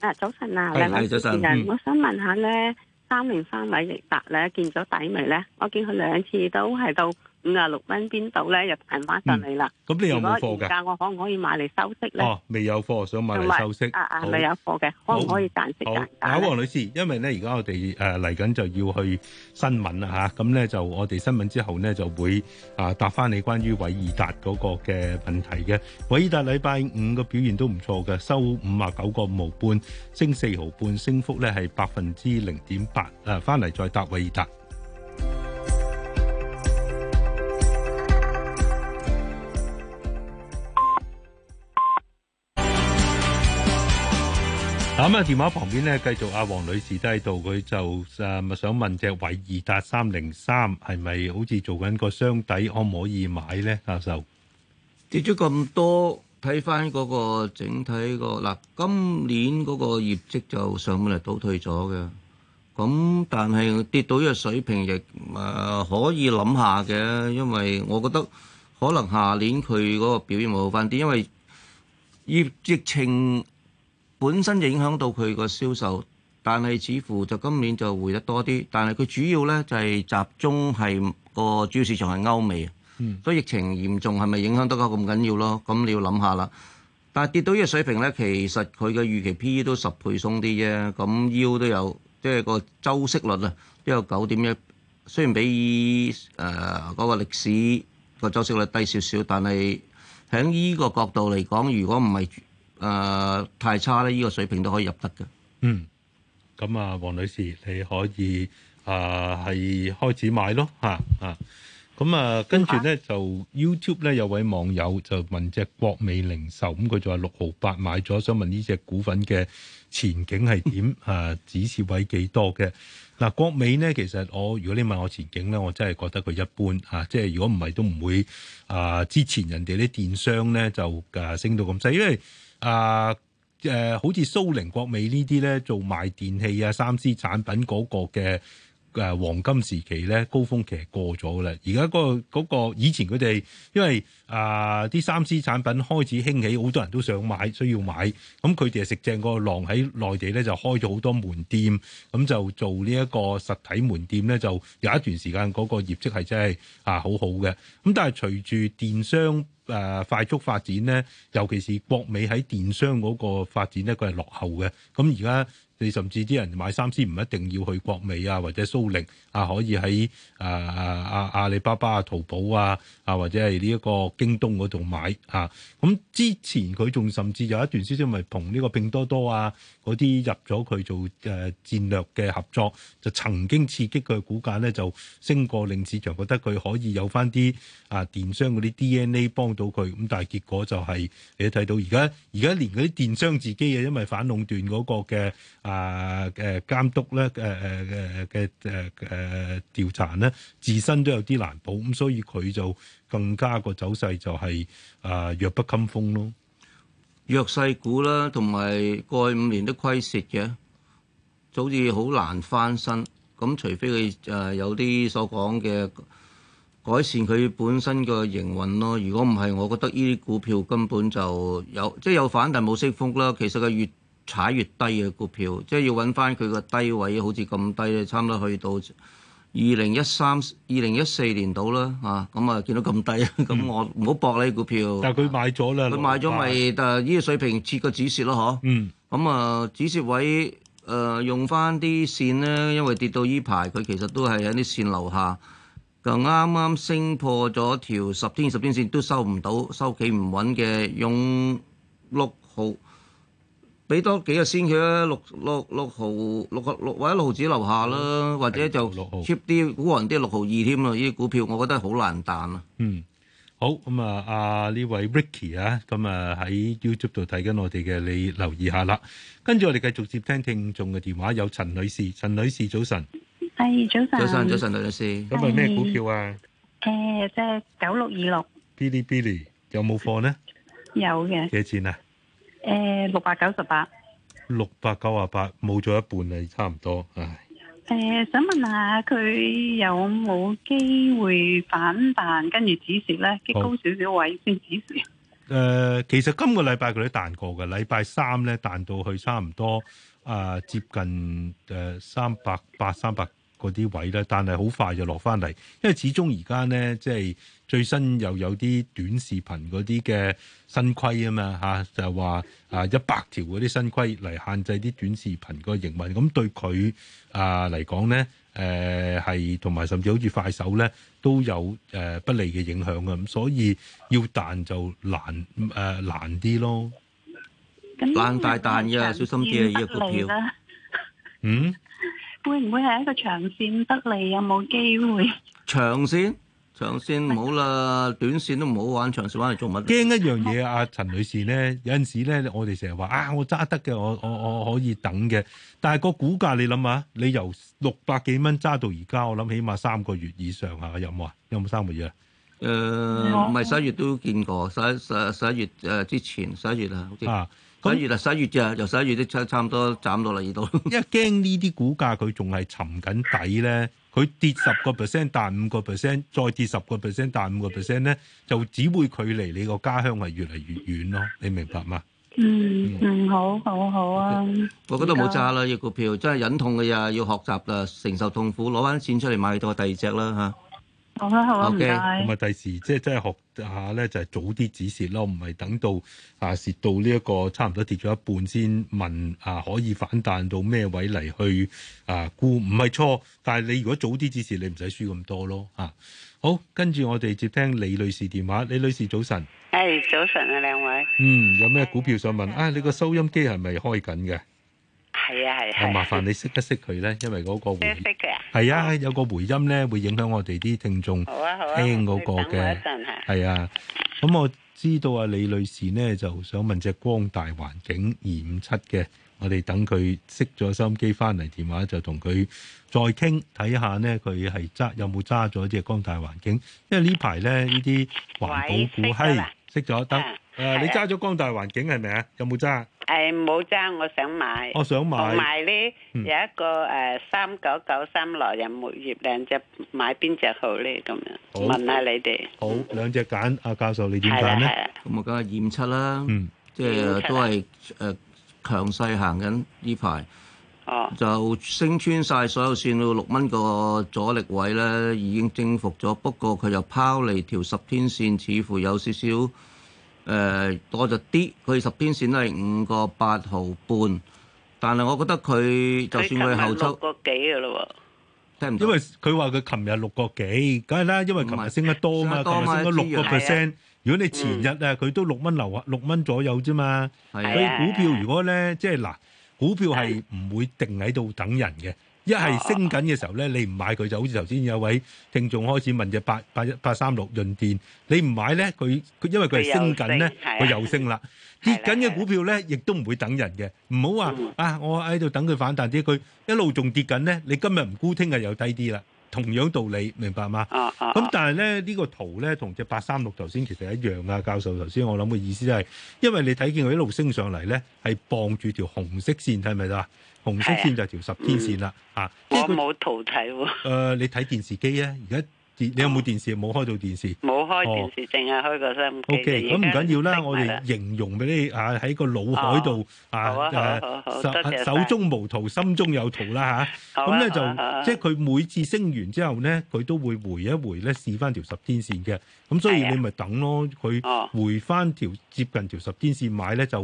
啊，早晨啊，兩位主持人，我想問下咧，三零三偉力達咧見咗底未咧？我見佢兩次都係到，五啊六蚊邊度咧，又彈翻上嚟啦。咁、嗯、你有冇貨㗎？如果現價我可唔可以買嚟收息咧？哦，未有貨，想買嚟收息。啊啊，未有貨嘅，可唔可以賺時間？好，阿黃女士，因為咧，而家我哋誒嚟緊就要去新聞啦吓，咁咧就我哋新聞之後咧就會啊答翻你關於偉易達嗰個嘅問題嘅。偉易達禮拜五個表現都唔錯嘅，收五啊九個五毫半，升四毫半，升幅咧係百分之零點八。返翻嚟再答偉易達。咁啊！電話旁邊咧，繼續阿黃女士都喺度，佢就誒咪想問隻偉易達三零三，係咪好似做緊個雙底，可唔可以買咧？阿壽跌咗咁多，睇翻嗰個整體個嗱，今年嗰個業績就上半日倒退咗嘅。咁但係跌到呢個水平，亦誒可以諗下嘅，因為我覺得可能下年佢嗰個表現好翻啲，因為疫疫情。本身影響到佢個銷售，但係似乎就今年就回得多啲。但係佢主要咧就係、是、集中係個主要市場係歐美、嗯，所以疫情嚴重係咪影響得咁緊要咯？咁你要諗下啦。但係跌到呢個水平咧，其實佢嘅預期 P E 都十倍鬆啲啫。咁 U 都有，即、就、係、是、個周息率啊，都有九點一。雖然比誒嗰、呃那個歷史、那個周息率低少少，但係喺依個角度嚟講，如果唔係，誒、呃，太差呢，呢、這個水平都可以入得嘅。嗯，咁啊，黃女士你可以啊，係、呃、開始買咯，吓、啊、咁啊，啊，跟住咧就 YouTube 咧有位網友就問隻國美零售，咁佢就話六毫八買咗，想問呢隻股份嘅前景係點、 啊？啊止蝕位幾多嘅？嗱，國美咧，其實我如果你問我前景咧，我真係覺得佢一般吓、啊。即係如果唔係都唔會啊，之前人哋啲電商咧就誒、啊、升到咁細，因為。啊，誒，好似蘇寧、國美呢啲咧，做賣電器啊、三 C 產品嗰個嘅。誒黃金時期咧，高峰期係過咗啦。而家嗰個嗰、嗰個、以前佢哋，因為啊啲、呃、三 C 產品開始興起，好多人都想買，需要買。咁佢哋係食正個浪喺內地咧，就開咗好多門店，咁就做呢一個實體門店咧，就有一段時間嗰個業績係真係啊好好嘅。咁但係隨住電商、呃、快速發展咧，尤其是國美喺電商嗰個發展咧，佢係落後嘅。咁而家。你甚至啲人買三 C 唔一定要去國美啊，或者蘇寧啊，可以喺啊啊啊阿里巴巴啊、淘寶啊啊或者係呢一個京東嗰度買啊咁，嗯、之前佢仲甚至有一段消息，咪同呢個拼多多啊嗰啲入咗佢做誒，啊、戰略嘅合作，就曾經刺激佢股價咧，就升過，令市場覺得佢可以有翻啲啊電商嗰啲 DNA 幫到佢。咁但係結果就係，是，你睇到而家而家連嗰啲電商自己啊，因為反壟斷嗰個嘅。啊啊嘅監督咧，誒誒誒嘅誒誒調查咧，自身都有啲難保，咁所以佢就更加個走勢就係、誒、啊弱不禁風咯。弱勢股啦，同埋過去五年都虧蝕嘅，就好似好難翻身。咁除非佢誒、啊、有啲所講嘅改善佢本身個營運咯。如果唔係，我覺得呢啲股票根本就有即係有反但冇升幅啦。其實佢越……踩越低嘅股票，即係要揾翻佢個低位，好似咁低咧，差唔多去到二零一三、二零一四年度啦嚇，咁啊，啊，啊見到咁低，咁、啊嗯、我唔好搏啦，呢個、股票。但係佢買咗啦，佢、啊、買咗咪，但誒呢個水平切個止蝕咯，嗬、啊。嗯。咁啊，止蝕位誒、呃、用翻啲線咧，因為跌到呢排佢其實都係喺啲線樓下，就啱啱升破咗條十天、十天線都收唔到，收企唔穩嘅，用碌號。俾多幾日先佢啦，六六六毫六個六或者六毫子留下啦，或者就 cheap 啲，股還啲六毫二添啊！呢啲股票我覺得好難彈啊。嗯，好咁啊，阿呢位 Ricky 啊，咁啊喺 YouTube 度睇緊我哋嘅，你留意下啦。跟住我哋繼續接聽聽眾嘅電話，有陳女士，陳女士早晨，係早晨，早晨，早晨，女士，咁係咩股票啊？誒，即係九六二六，Bilibili 有冇貨呢？有嘅，幾錢啊？誒，六百九十八，六百九啊八，冇咗一半啦，差唔多。誒，想問下佢有冇機會反彈？跟住止蝕咧，激高少少位先止蝕。誒，其實今個禮拜佢都彈過嘅，禮拜三咧彈到去差唔多啊，接近誒三百八三百。嗰啲位咧，但係好快就落翻嚟，因為始終而家咧，即係最新又有啲短視頻嗰啲嘅新規嘛啊嘛嚇，就話、是、啊一百條嗰啲新規嚟限制啲短視頻個營運，咁對佢啊嚟講咧，誒係同埋甚至好似快手咧都有誒、啊、不利嘅影響啊，咁所以要彈就難誒、啊、難啲咯，彈大彈嘅小心啲啊，呢個股票嗯。會唔會係一個長線得利？有冇機會？長線長線唔好啦，短綫都唔好玩。長線玩嚟做乜？驚一樣嘢啊！陳女士咧，有陣時咧，我哋成日話啊，我揸得嘅，我我我可以等嘅。但係個股價你諗下，你由六百幾蚊揸到而家，我諗起碼三個月以上啊。有冇啊？有冇三個月啊？誒、呃，唔係十一月都見過，十一十十一月誒之前，十一月、OK、啊。十一月啦，十一月啫，由十一月都差差唔多斬到嚟到。因為驚呢啲股價佢仲係沉緊底咧，佢跌十個 percent，但五個 percent，再跌十個 percent，但五個 percent 咧，就只會距離你個家鄉係越嚟越遠咯。你明白嗎？嗯嗯，好，好好啊、okay。我覺得冇揸啦，啲股票真係忍痛嘅呀，要學習啦，承受痛苦，攞翻錢出嚟買到第二隻啦吓。啊好啊好啊 OK，唔該。咁啊，第時即係真係學下咧，就係早啲止蝕咯，唔係等到啊蝕到呢一個差唔多跌咗一半先問啊可以反彈到咩位嚟去啊沽？唔係錯，但係你如果早啲止蝕，你唔使輸咁多咯嚇。好，跟住我哋接聽李女士電話。李女士早晨，誒、hey, 早晨啊，兩位。嗯，有咩股票想問啊、hey. 哎？你個收音機係咪開緊嘅？係、hey. 哎、啊係。啊，啊，麻煩你熄得熄佢咧，因為嗰個會。嘅、hey。係啊，有個回音咧，會影響我哋啲聽眾聽嗰個嘅。係啊，咁、啊我，啊、我知道啊，李女士呢就想問隻光大環境二五七嘅，我哋等佢熄咗收音機翻嚟電話，就同佢再傾睇下呢。佢係揸有冇揸咗隻光大環境。因為呢排呢，呢啲環保股，嘿，熄咗燈、啊、你揸咗光大環境係咪啊？有冇揸？誒、哎、冇爭，我想買。我想買。同埋咧，有一個誒、嗯呃、三九九三來人木業兩隻，買隻號，買邊隻好咧？咁樣問下你哋。好，兩隻揀。阿教授你點揀咧？咁我梗係驗出啦。嗯，即、就、係、是、都係誒、呃、強勢行緊呢排。哦。就升穿晒所有線到六蚊個阻力位咧，已經征服咗。不過佢又拋離條十天線，似乎有少少。誒，多咗啲佢十天線都係五個八毫半，但係我覺得佢就算佢後抽個幾嘅咯，聽唔？因為佢話佢琴日六個幾，梗係啦，因為琴日升得多嘛，琴日升咗六個 percent。如果你前日啊，佢都六蚊流六蚊左右啫嘛。所以股票如果咧，即係嗱，股票係唔會定喺度等人嘅。一係升緊嘅時候咧，你唔買佢就好似頭先有位聽眾開始問隻八八一八三六潤電，你唔買咧，佢佢因為佢係升緊咧，佢又升啦。跌緊嘅股票咧，亦都唔會等人嘅。唔好話啊，我喺度等佢反彈啲，佢一路仲跌緊咧。你今日唔沽，聽日又低啲啦。同樣道理，明白嗎？啊啊！咁但係咧，呢個圖咧同隻八三六頭先其實一樣啊。教授頭先我諗嘅意思就係，因為你睇見佢一路升上嚟咧，係傍住條紅色線，係咪啊？紅色線就係條十天線啦，吓，我冇圖睇喎。誒，你睇電視機啊？而家電，你有冇電視？冇開到電視。冇開電視，淨係開個手機。OK，咁唔緊要啦，我哋形容俾你啊，喺個腦海度啊，誒，手手中無圖，心中有圖啦吓。咁咧就，即係佢每次升完之後咧，佢都會回一回咧，試翻條十天線嘅。咁所以你咪等咯，佢回翻條接近條十天線買咧就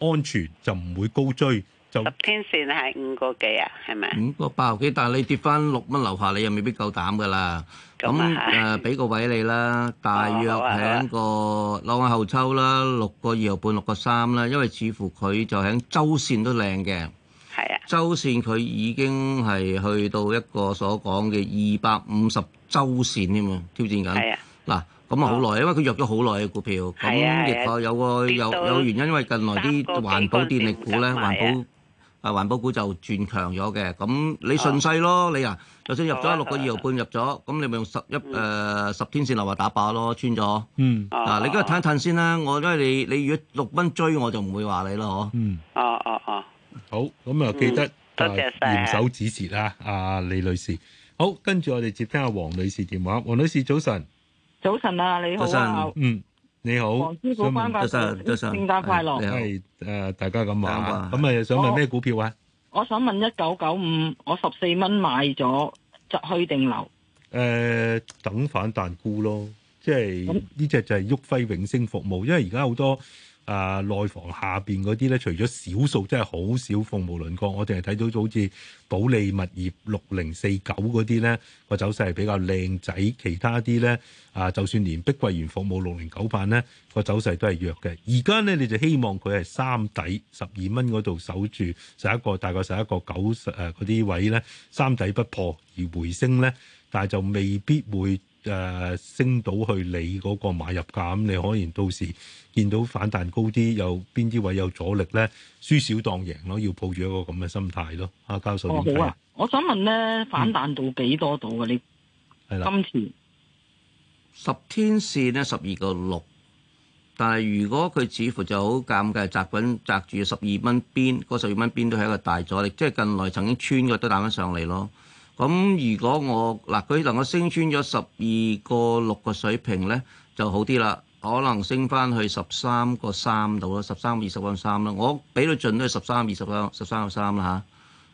安全，就唔會高追。十天線係五個幾啊？係咪五個八毫幾？但係你跌翻六蚊樓下，你又未必夠膽㗎啦。咁誒，俾個位你啦，大約係喺個落後抽啦，六個二毫半，六個三啦。因為似乎佢就喺周線都靚嘅。係啊，周線佢已經係去到一個所講嘅二百五十周線添嘛，挑戰緊。係啊，嗱，咁啊好耐，因為佢弱咗好耐嘅股票，咁亦有有有原因，因為近來啲環保電力股咧，環保。啊，環保股就轉強咗嘅，咁你順勢咯、啊，你啊，就算入咗六個二毫半入咗，咁、啊、你咪用十一誒、嗯呃、十天線嚟話打靶咯，穿咗。嗯。啊，啊你今日睇一睇先啦，我因為你你如果六蚊追，我就唔會話你咯，嗬。嗯。啊啊啊！好，咁啊記得、嗯、多謝啊嚴守指示啦、啊，阿、啊、李女士。好，跟住我哋接聽阿黃女士電話。黃女士，早晨。早晨啊，你好、啊。晨。嗯、啊。你好，黃師傅，多謝，多謝，聖誕快樂。係誒，大家咁話，咁誒，想問咩股票啊？我想問一九九五，我十四蚊買咗，就去定留？誒，等反彈沽咯，即係呢隻就係旭輝永升服務，因為而家好多。啊、呃，內房下面嗰啲咧，除咗少數即係好少鳳毛麟角，我淨係睇到好似保利物業六零四九嗰啲咧，個走勢係比較靚仔，其他啲咧啊，就算連碧桂園服務六零九八咧，個走勢都係弱嘅。而家咧，你就希望佢係三底十二蚊嗰度守住，十一個大概十一個九十誒嗰啲位咧，三底不破而回升咧，但係就未必會。誒、呃、升到去你嗰個買入價咁，你可能到時見到反彈高啲，有邊啲位有阻力咧？輸少當贏咯，要抱住一個咁嘅心態咯。啊，教授，我、哦、好啊。我想問咧，反彈到幾多度嘅、啊？今次十天線咧十二個六，但係如果佢似乎就好尷尬，擸緊擸住十二蚊邊，嗰十二蚊邊都係一個大阻力。即、就、係、是、近來曾經穿過都打翻上嚟咯。咁如果我嗱佢能夠升穿咗十二個六個水平咧，就好啲啦。可能升翻去十三個三度啦，十三二十個三啦。我俾到盡都係十三二十個十三個三啦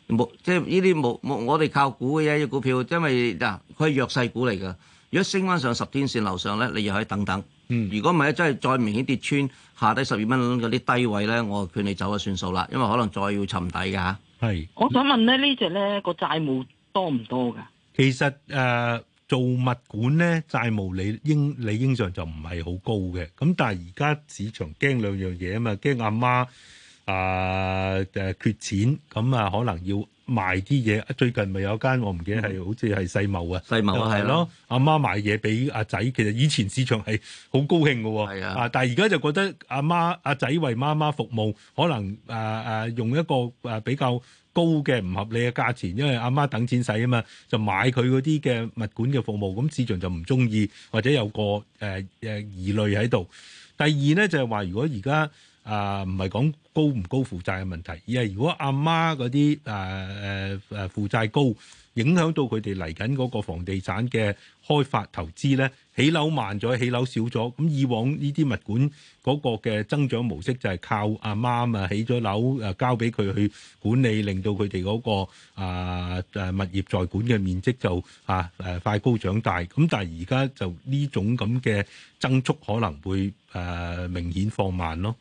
吓，冇即係呢啲冇冇，我哋靠股嘅啫，股票，因為嗱佢係弱勢股嚟㗎。如果升翻上十天線樓上咧，你又可以等等。嗯。如果唔係真係再明顯跌穿下低十二蚊嗰啲低位咧，我勸你走啊，算數啦，因為可能再要沉底㗎。係、啊。我想問咧呢隻咧、呢個嗰個債務。多唔多噶？其實誒、呃、做物管咧，債務理應理應上就唔係好高嘅。咁但係而家市場驚兩樣嘢啊嘛，驚阿媽誒誒缺錢，咁啊可能要賣啲嘢。最近咪有間我唔記得係、嗯、好似係世茂啊，世茂係咯，阿、就、媽、係、賣嘢俾阿仔。其實以前市場係好高興嘅喎，啊！但係而家就覺得阿媽阿仔為媽媽服務，可能誒誒、呃、用一個誒比較高嘅唔合理嘅價錢，因為阿媽等錢使啊嘛，就買佢嗰啲嘅物管嘅服務，咁市場就唔中意，或者有個誒誒疑慮喺度。第二咧就係話，如果而家啊唔係講高唔高負債嘅問題，而係如果阿媽嗰啲誒誒誒負債高。影響到佢哋嚟緊嗰個房地產嘅開發投資咧，起樓慢咗，起樓少咗。咁以往呢啲物管嗰個嘅增長模式就係靠阿媽啊起咗樓交俾佢去管理，令到佢哋嗰個啊物業在管嘅面積就啊快高長大。咁但係而家就呢種咁嘅增速可能會誒明顯放慢咯。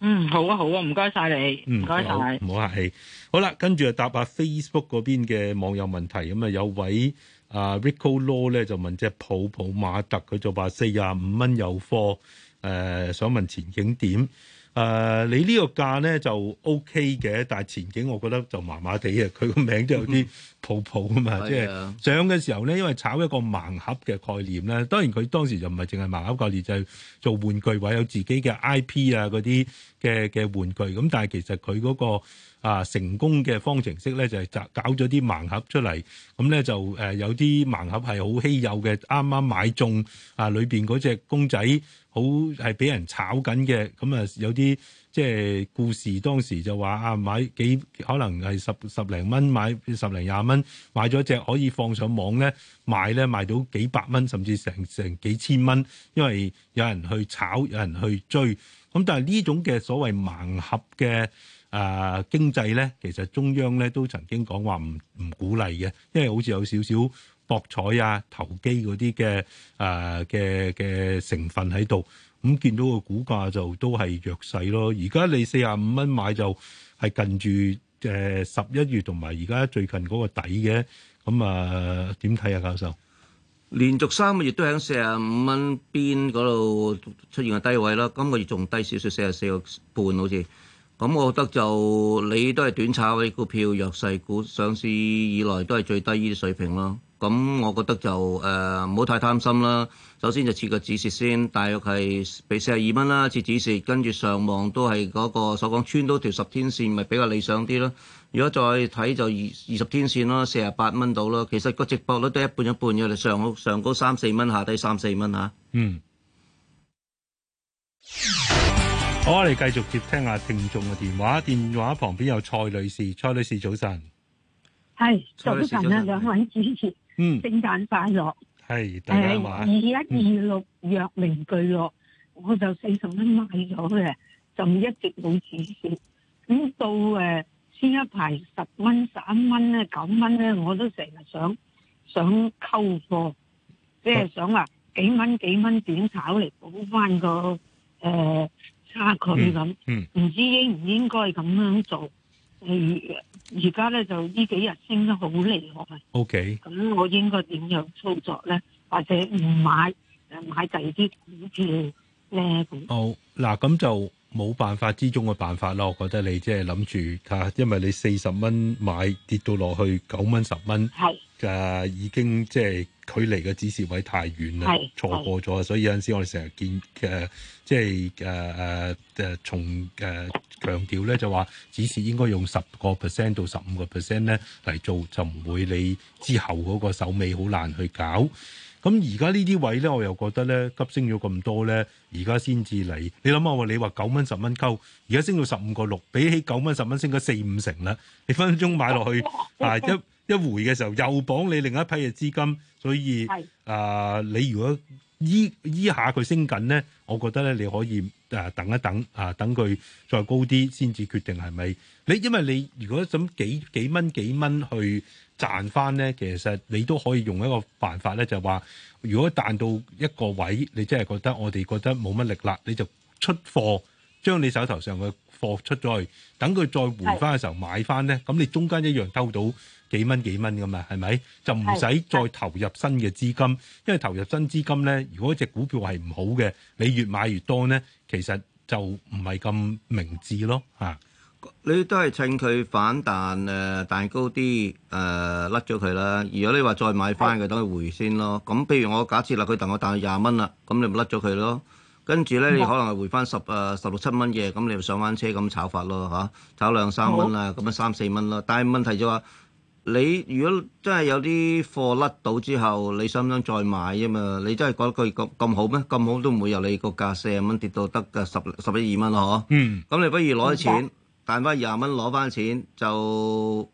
嗯，好啊，好啊，唔該晒你，唔該晒，唔、嗯、好，好客氣。好啦，跟住就答下 Facebook 嗰邊嘅網友問題。咁啊，有位啊 Rico Law 呢，咧就問隻普普馬特，佢就話四廿五蚊有貨。誒、呃，想問前景點？誒、呃，你個呢個價咧就 OK 嘅，但前景我覺得就麻麻地啊，佢個名都有啲泡泡啊嘛，即、嗯、係、就是啊、上嘅時候咧，因為炒一個盲盒嘅概念咧，當然佢當時就唔係淨係盲盒概念，就係、是、做玩具或者有自己嘅 IP 啊嗰啲嘅嘅玩具，咁但係其實佢嗰、嗰個。啊！成功嘅方程式咧，就係搞咗啲盲盒出嚟，咁咧就誒有啲盲盒係好稀有嘅，啱啱買中啊裏面嗰隻公仔，好係俾人炒緊嘅，咁啊有啲即係故事當時就話啊買幾可能係十十零蚊買十零廿蚊買咗隻可以放上網咧賣咧賣到幾百蚊甚至成成幾千蚊，因為有人去炒，有人去追，咁但係呢種嘅所謂盲盒嘅。誒、啊、經濟咧，其實中央咧都曾經講話唔唔鼓勵嘅，因為好似有少少博彩啊、投機嗰啲嘅誒嘅嘅成分喺度。咁見到個股價就都係弱勢咯。而家你四十五蚊買就係近住誒十一月同埋而家最近嗰個底嘅。咁啊，點睇啊，教授？連續三個月都喺四十五蚊邊嗰度出現個低位啦。今個月仲低少少，四十四個半好似。咁我覺得就你都係短炒啲股票，弱勢股上市以來都係最低呢啲水平咯。咁我覺得就誒唔好太貪心啦。首先就設個止蝕先，大約係俾四十二蚊啦，設止蝕，跟住上望都係嗰、那個所講穿到條十天線咪比較理想啲咯。如果再睇就二二十天線咯，四十八蚊到咯。其實個值博率都一半一半嘅，上上高三四蚊，下低三四蚊吓。嗯。我哋繼續接聽下聽眾嘅電話，電話旁邊有蔡女士。蔡女士早晨。係早晨啊，兩位主持，嗯，聖誕快樂。係大家好，二一二六藥明巨落，我就四十蚊買咗嘅，嗯，就一直冇止跌，咁，嗯、到誒先一排十蚊，十一蚊咧，九蚊咧，我都成日想想溝貨，即，啊，係，就是，想話幾蚊幾蚊點炒嚟補翻個誒。呃差距咁，嗯、唔知應唔應該咁樣做？而而家咧就呢幾日升得好厲害。OK，咁我應該點樣操作咧？或者唔買？誒，買第二啲股票咧？好、哦，嗱，咁就冇辦法之中嘅辦法咯。我覺得你即係諗住吓，因為你四十蚊買，跌到落去九蚊十蚊。係。嘅、啊、已經即係距離嘅止蝕位太遠啦，錯過咗所以有陣時我哋成日見嘅、啊、即係誒誒誒從誒強調咧，就話止蝕應該用十個 percent 到十五個 percent 咧嚟做，就唔會你之後嗰個手尾好難去搞。咁而家呢啲位咧，我又覺得咧急升咗咁多咧，而家先至嚟。你諗下喎，你話九蚊十蚊溝，而家升到十五個六，比起九蚊十蚊升咗四五成啦，你分分鐘買落去，但係一一回嘅時候又綁你另一批嘅資金，所以啊、呃，你如果依依下佢升緊咧，我覺得咧你可以、呃、等一等啊、呃，等佢再高啲先至決定係咪？你因為你如果想幾幾蚊幾蚊去賺翻咧，其實你都可以用一個辦法咧，就話、是、如果彈到一個位，你真係覺得我哋覺得冇乜力啦，你就出貨，將你手頭上嘅。貨出咗去，等佢再回翻嘅時候買翻咧，咁你中間一樣兜到幾蚊幾蚊㗎嘛，係咪？就唔使再投入新嘅資金，因為投入新資金咧，如果隻股票係唔好嘅，你越買越多咧，其實就唔係咁明智咯嚇。你都係趁佢反彈誒、呃，彈高啲誒、呃，甩咗佢啦。如果你話再買翻嘅，等佢回先咯。咁譬如我假設啦，佢等我彈到廿蚊啦，咁你咪甩咗佢咯。跟住咧，你可能係回翻十誒、啊、十六七蚊嘅，咁你又上翻車咁炒法咯，炒兩三蚊啦，咁樣三四蚊咯。但係問題就話，你如果真係有啲貨甩到之後，你想唔想再買啊嘛？你真係覺得佢咁咁好咩？咁好都唔會由你個價四十蚊跌到得嘅十十一二蚊咯，嚇。嗯。咁你不如攞啲錢袋翻廿蚊，攞、嗯、翻錢就。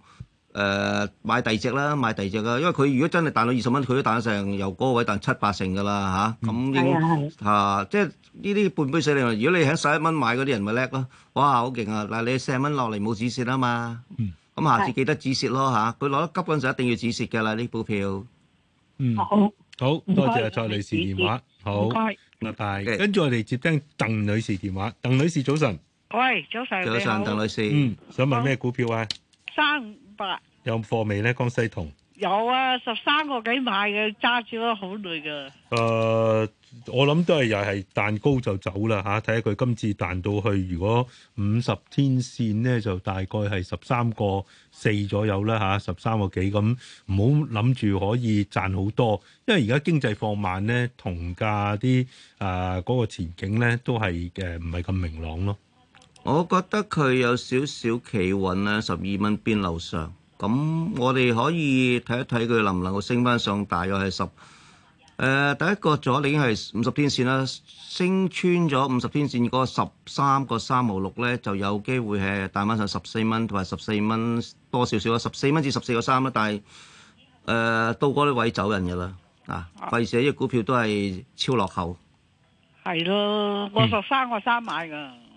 誒買第二隻啦，買第二隻啦，因為佢如果真係彈到二十蚊，佢都彈得上由嗰個位彈七八成㗎啦嚇，咁應嚇即係呢啲半杯水嚟。如果你喺十一蚊買嗰啲人咪叻咯，哇好勁啊！嗱，你四十蚊落嚟冇止蝕啊嘛，咁下次記得止蝕咯嚇。佢落得急嗰陣時一定要止蝕㗎啦，呢啲股票。嗯，好好多謝蔡女士電話，好，拜拜。跟住我哋接聽鄧女士電話，鄧女士早晨。喂，早晨。早晨，鄧女士，想問咩股票啊？三。有貨未呢？江西銅有啊，十三個幾買嘅，揸住咗好耐噶。誒、呃，我諗都係又係彈高就走啦吓，睇下佢今次彈到去如果五十天線呢，就大概係十三個四左右啦吓、啊，十三個幾咁，唔好諗住可以賺好多，因為而家經濟放慢呢，銅價啲誒嗰個前景呢，都係誒唔係咁明朗咯。我覺得佢有少少企穩咧，十二蚊邊樓上咁，我哋可以睇一睇佢能唔能夠升翻上大約係十。誒，第一個阻力係五十天線啦，升穿咗五十天線嗰十三個三毛六咧，就有機會係大翻上十四蚊同埋十四蚊多少少啊，十四蚊至十四個三啦，但係誒、呃、到嗰啲位走人㗎啦，啊，費事呢隻股票都係超落後。係咯，我十三個三買㗎。嗯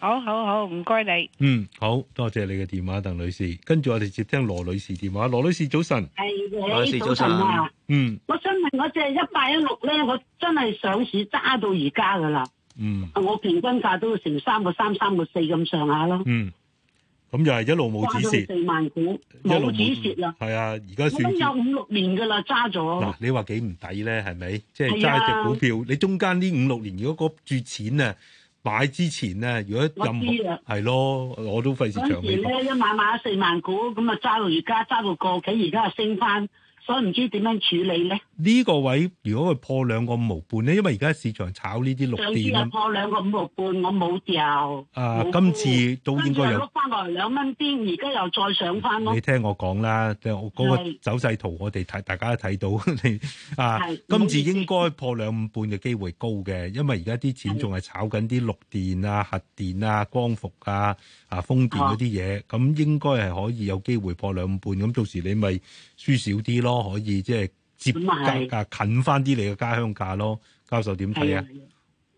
好、oh, 好好，唔該你。嗯，好多謝你嘅電話，鄧女士。跟住我哋接聽羅女士電話，羅女士早晨。羅女士早晨、啊。嗯，我想問，我只一八一六咧，我真係上市揸到而家噶啦。嗯，我平均價都成三個三、三個四咁上下咯。嗯，咁又係一路冇止蝕四萬股一路冇止蝕啊！係啊，而家有五六年噶啦，揸咗。嗱、啊，你話幾唔抵咧？係咪？即係揸隻股票、啊，你中間呢五六年如果攞住錢啊？買之前咧，如果任何係咯，我都費事長期。嗰時咧，一買買咗四萬股，咁啊揸到而家，揸到過企而家又升翻，所以唔知點樣處理咧。呢、這個位如果佢破兩個五毫半咧，因為而家市場炒呢啲綠電。破兩個五毫半，我冇掉。啊，今次都應該有。翻落嚟兩蚊啲，而家又再上翻咯。你聽我講啦，我、嗰個走勢圖我哋睇，大家都睇到你啊，今次應該破兩五半嘅機會高嘅，因為而家啲錢仲係炒緊啲綠電啊、核電啊、光伏啊、啊風電嗰啲嘢，咁、啊、應該係可以有機會破兩半。咁到時你咪輸少啲咯，可以即係。接近啊，近翻啲你嘅家鄉價咯，教授點睇啊？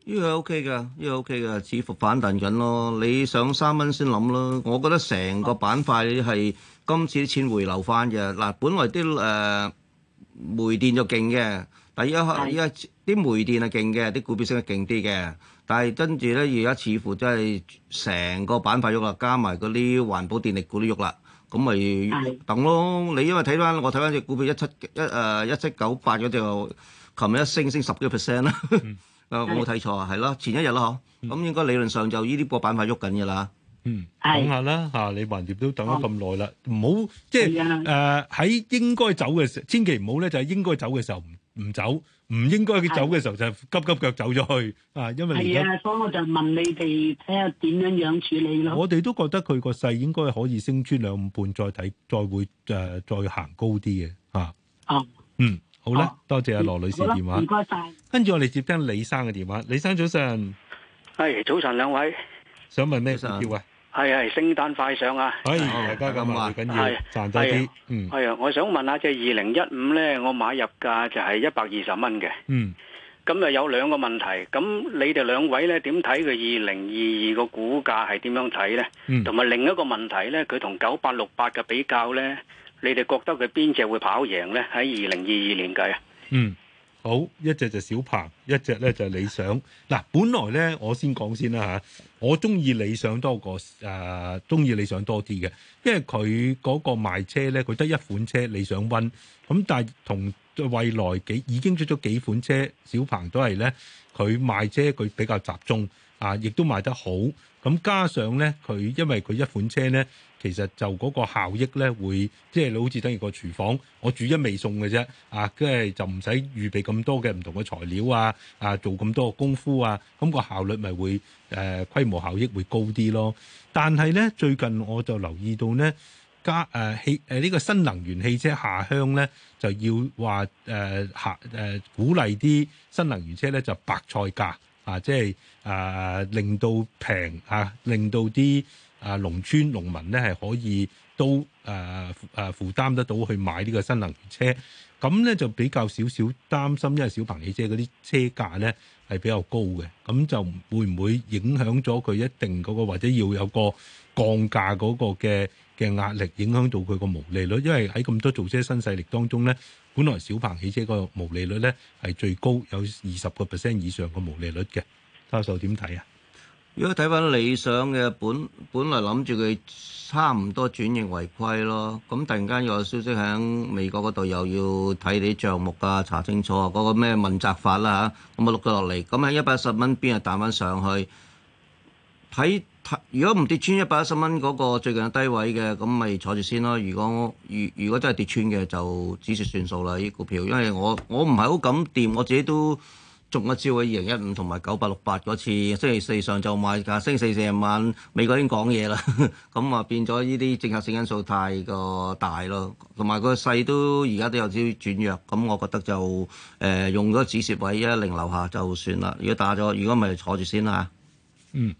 呢個 O K 嘅，呢個 O K 嘅，似乎反彈緊咯。你上三蚊先諗咯。我覺得成個板塊係今次啲錢回流翻嘅。嗱，本來啲誒、呃、煤電就勁嘅，但係依家啲煤電係勁嘅，啲股票升得勁啲嘅。但係跟住咧，而家似乎真係成個板塊喐啦，加埋嗰啲環保電力股都喐啦。咁咪等咯，你因為睇翻我睇翻隻股票一七一誒一七九八嗰隻，琴日一升升十幾個 percent 啦，誒我冇睇錯啊？係咯，前一日咯嗬，咁應該理論上就呢啲個板塊喐緊嘅啦，等、嗯、下啦嚇，你橫掂都等咗咁耐啦，唔好即係誒喺應該走嘅時候，千祈唔好咧，就係應該走嘅時候唔唔走。唔應該佢走嘅時候是的就係、是、急急腳走咗去啊！因為而家，係啊，所以我就問你哋睇下點樣樣處理咯。我哋都覺得佢個勢應該可以升穿兩五半，再睇，再會誒、呃，再行高啲嘅嚇。哦，嗯，好啦、哦，多謝阿羅女士電話，唔該晒。跟住我哋接聽李生嘅電話，李生早晨，係早晨兩位，想問咩股票啊？係係聖誕快上啊！哎，大家咁話緊要賺低啲。係啊，我想問下，即係二零一五咧，我買入價就係一百二十蚊嘅。嗯，咁啊有兩個問題。咁你哋兩位咧，點睇佢二零二二個股價係點樣睇咧？嗯，同埋另一個問題咧，佢同九八六八嘅比較咧，你哋覺得佢邊隻會跑贏咧？喺二零二二年計啊？嗯，好，一隻就小鵬，一隻咧就理想。嗱，本來咧我先講先啦吓。我中意理想多個誒，中、呃、意理想多啲嘅，因為佢嗰個賣車呢，佢得一款車理想 One，咁但係同未來幾已經出咗幾款車，小鵬都係呢，佢賣車佢比較集中啊，亦都賣得好。咁加上咧，佢因為佢一款車咧，其實就嗰個效益咧，會即係你好似等於個廚房，我煮一味餸嘅啫，啊，即係就唔使預備咁多嘅唔同嘅材料啊，啊，做咁多功夫啊，咁個效率咪會誒規模效益會高啲咯。但係咧，最近我就留意到咧，加誒汽誒呢個新能源汽車下鄉咧，就要話誒下誒鼓勵啲新能源車咧就白菜價。啊，即係啊，令到平啊，令到啲啊，農村農民咧係可以都啊啊負擔得到去買呢個新能源車，咁咧就比較少少擔心，因為小鵬汽車嗰啲車價咧係比較高嘅，咁就會唔會影響咗佢一定嗰個或者要有一個降價嗰個嘅嘅壓力影響到佢個毛利率，因為喺咁多造車新勢力當中咧，本來小鵬汽車個毛利率咧係最高，有二十個 percent 以上個毛利率嘅。教授點睇啊？如果睇翻理想嘅本，本來諗住佢差唔多轉型違規咯，咁突然間又有消息喺美國嗰度又要睇你啲帳目啊，查清楚嗰個咩問責法啦嚇，咁啊錄咗落嚟，咁喺一百十蚊邊日彈翻上去睇？如果唔跌穿一百一十蚊嗰個最近低位嘅，咁咪坐住先咯。如果如如果真係跌穿嘅，就止蝕算數啦。呢股票，因為我我唔係好敢掂，我自己都中咗一招嘅。二零一五同埋九八六八嗰次，星期四上晝買，價。星期四成萬，美國已經講嘢啦。咁 啊變咗呢啲政策性因素太過大咯，同埋個勢都而家都有少少轉弱。咁我覺得就、呃、用咗止蝕位一零樓下就算啦。如果打咗，如果唔係坐住先啦、啊。嗯。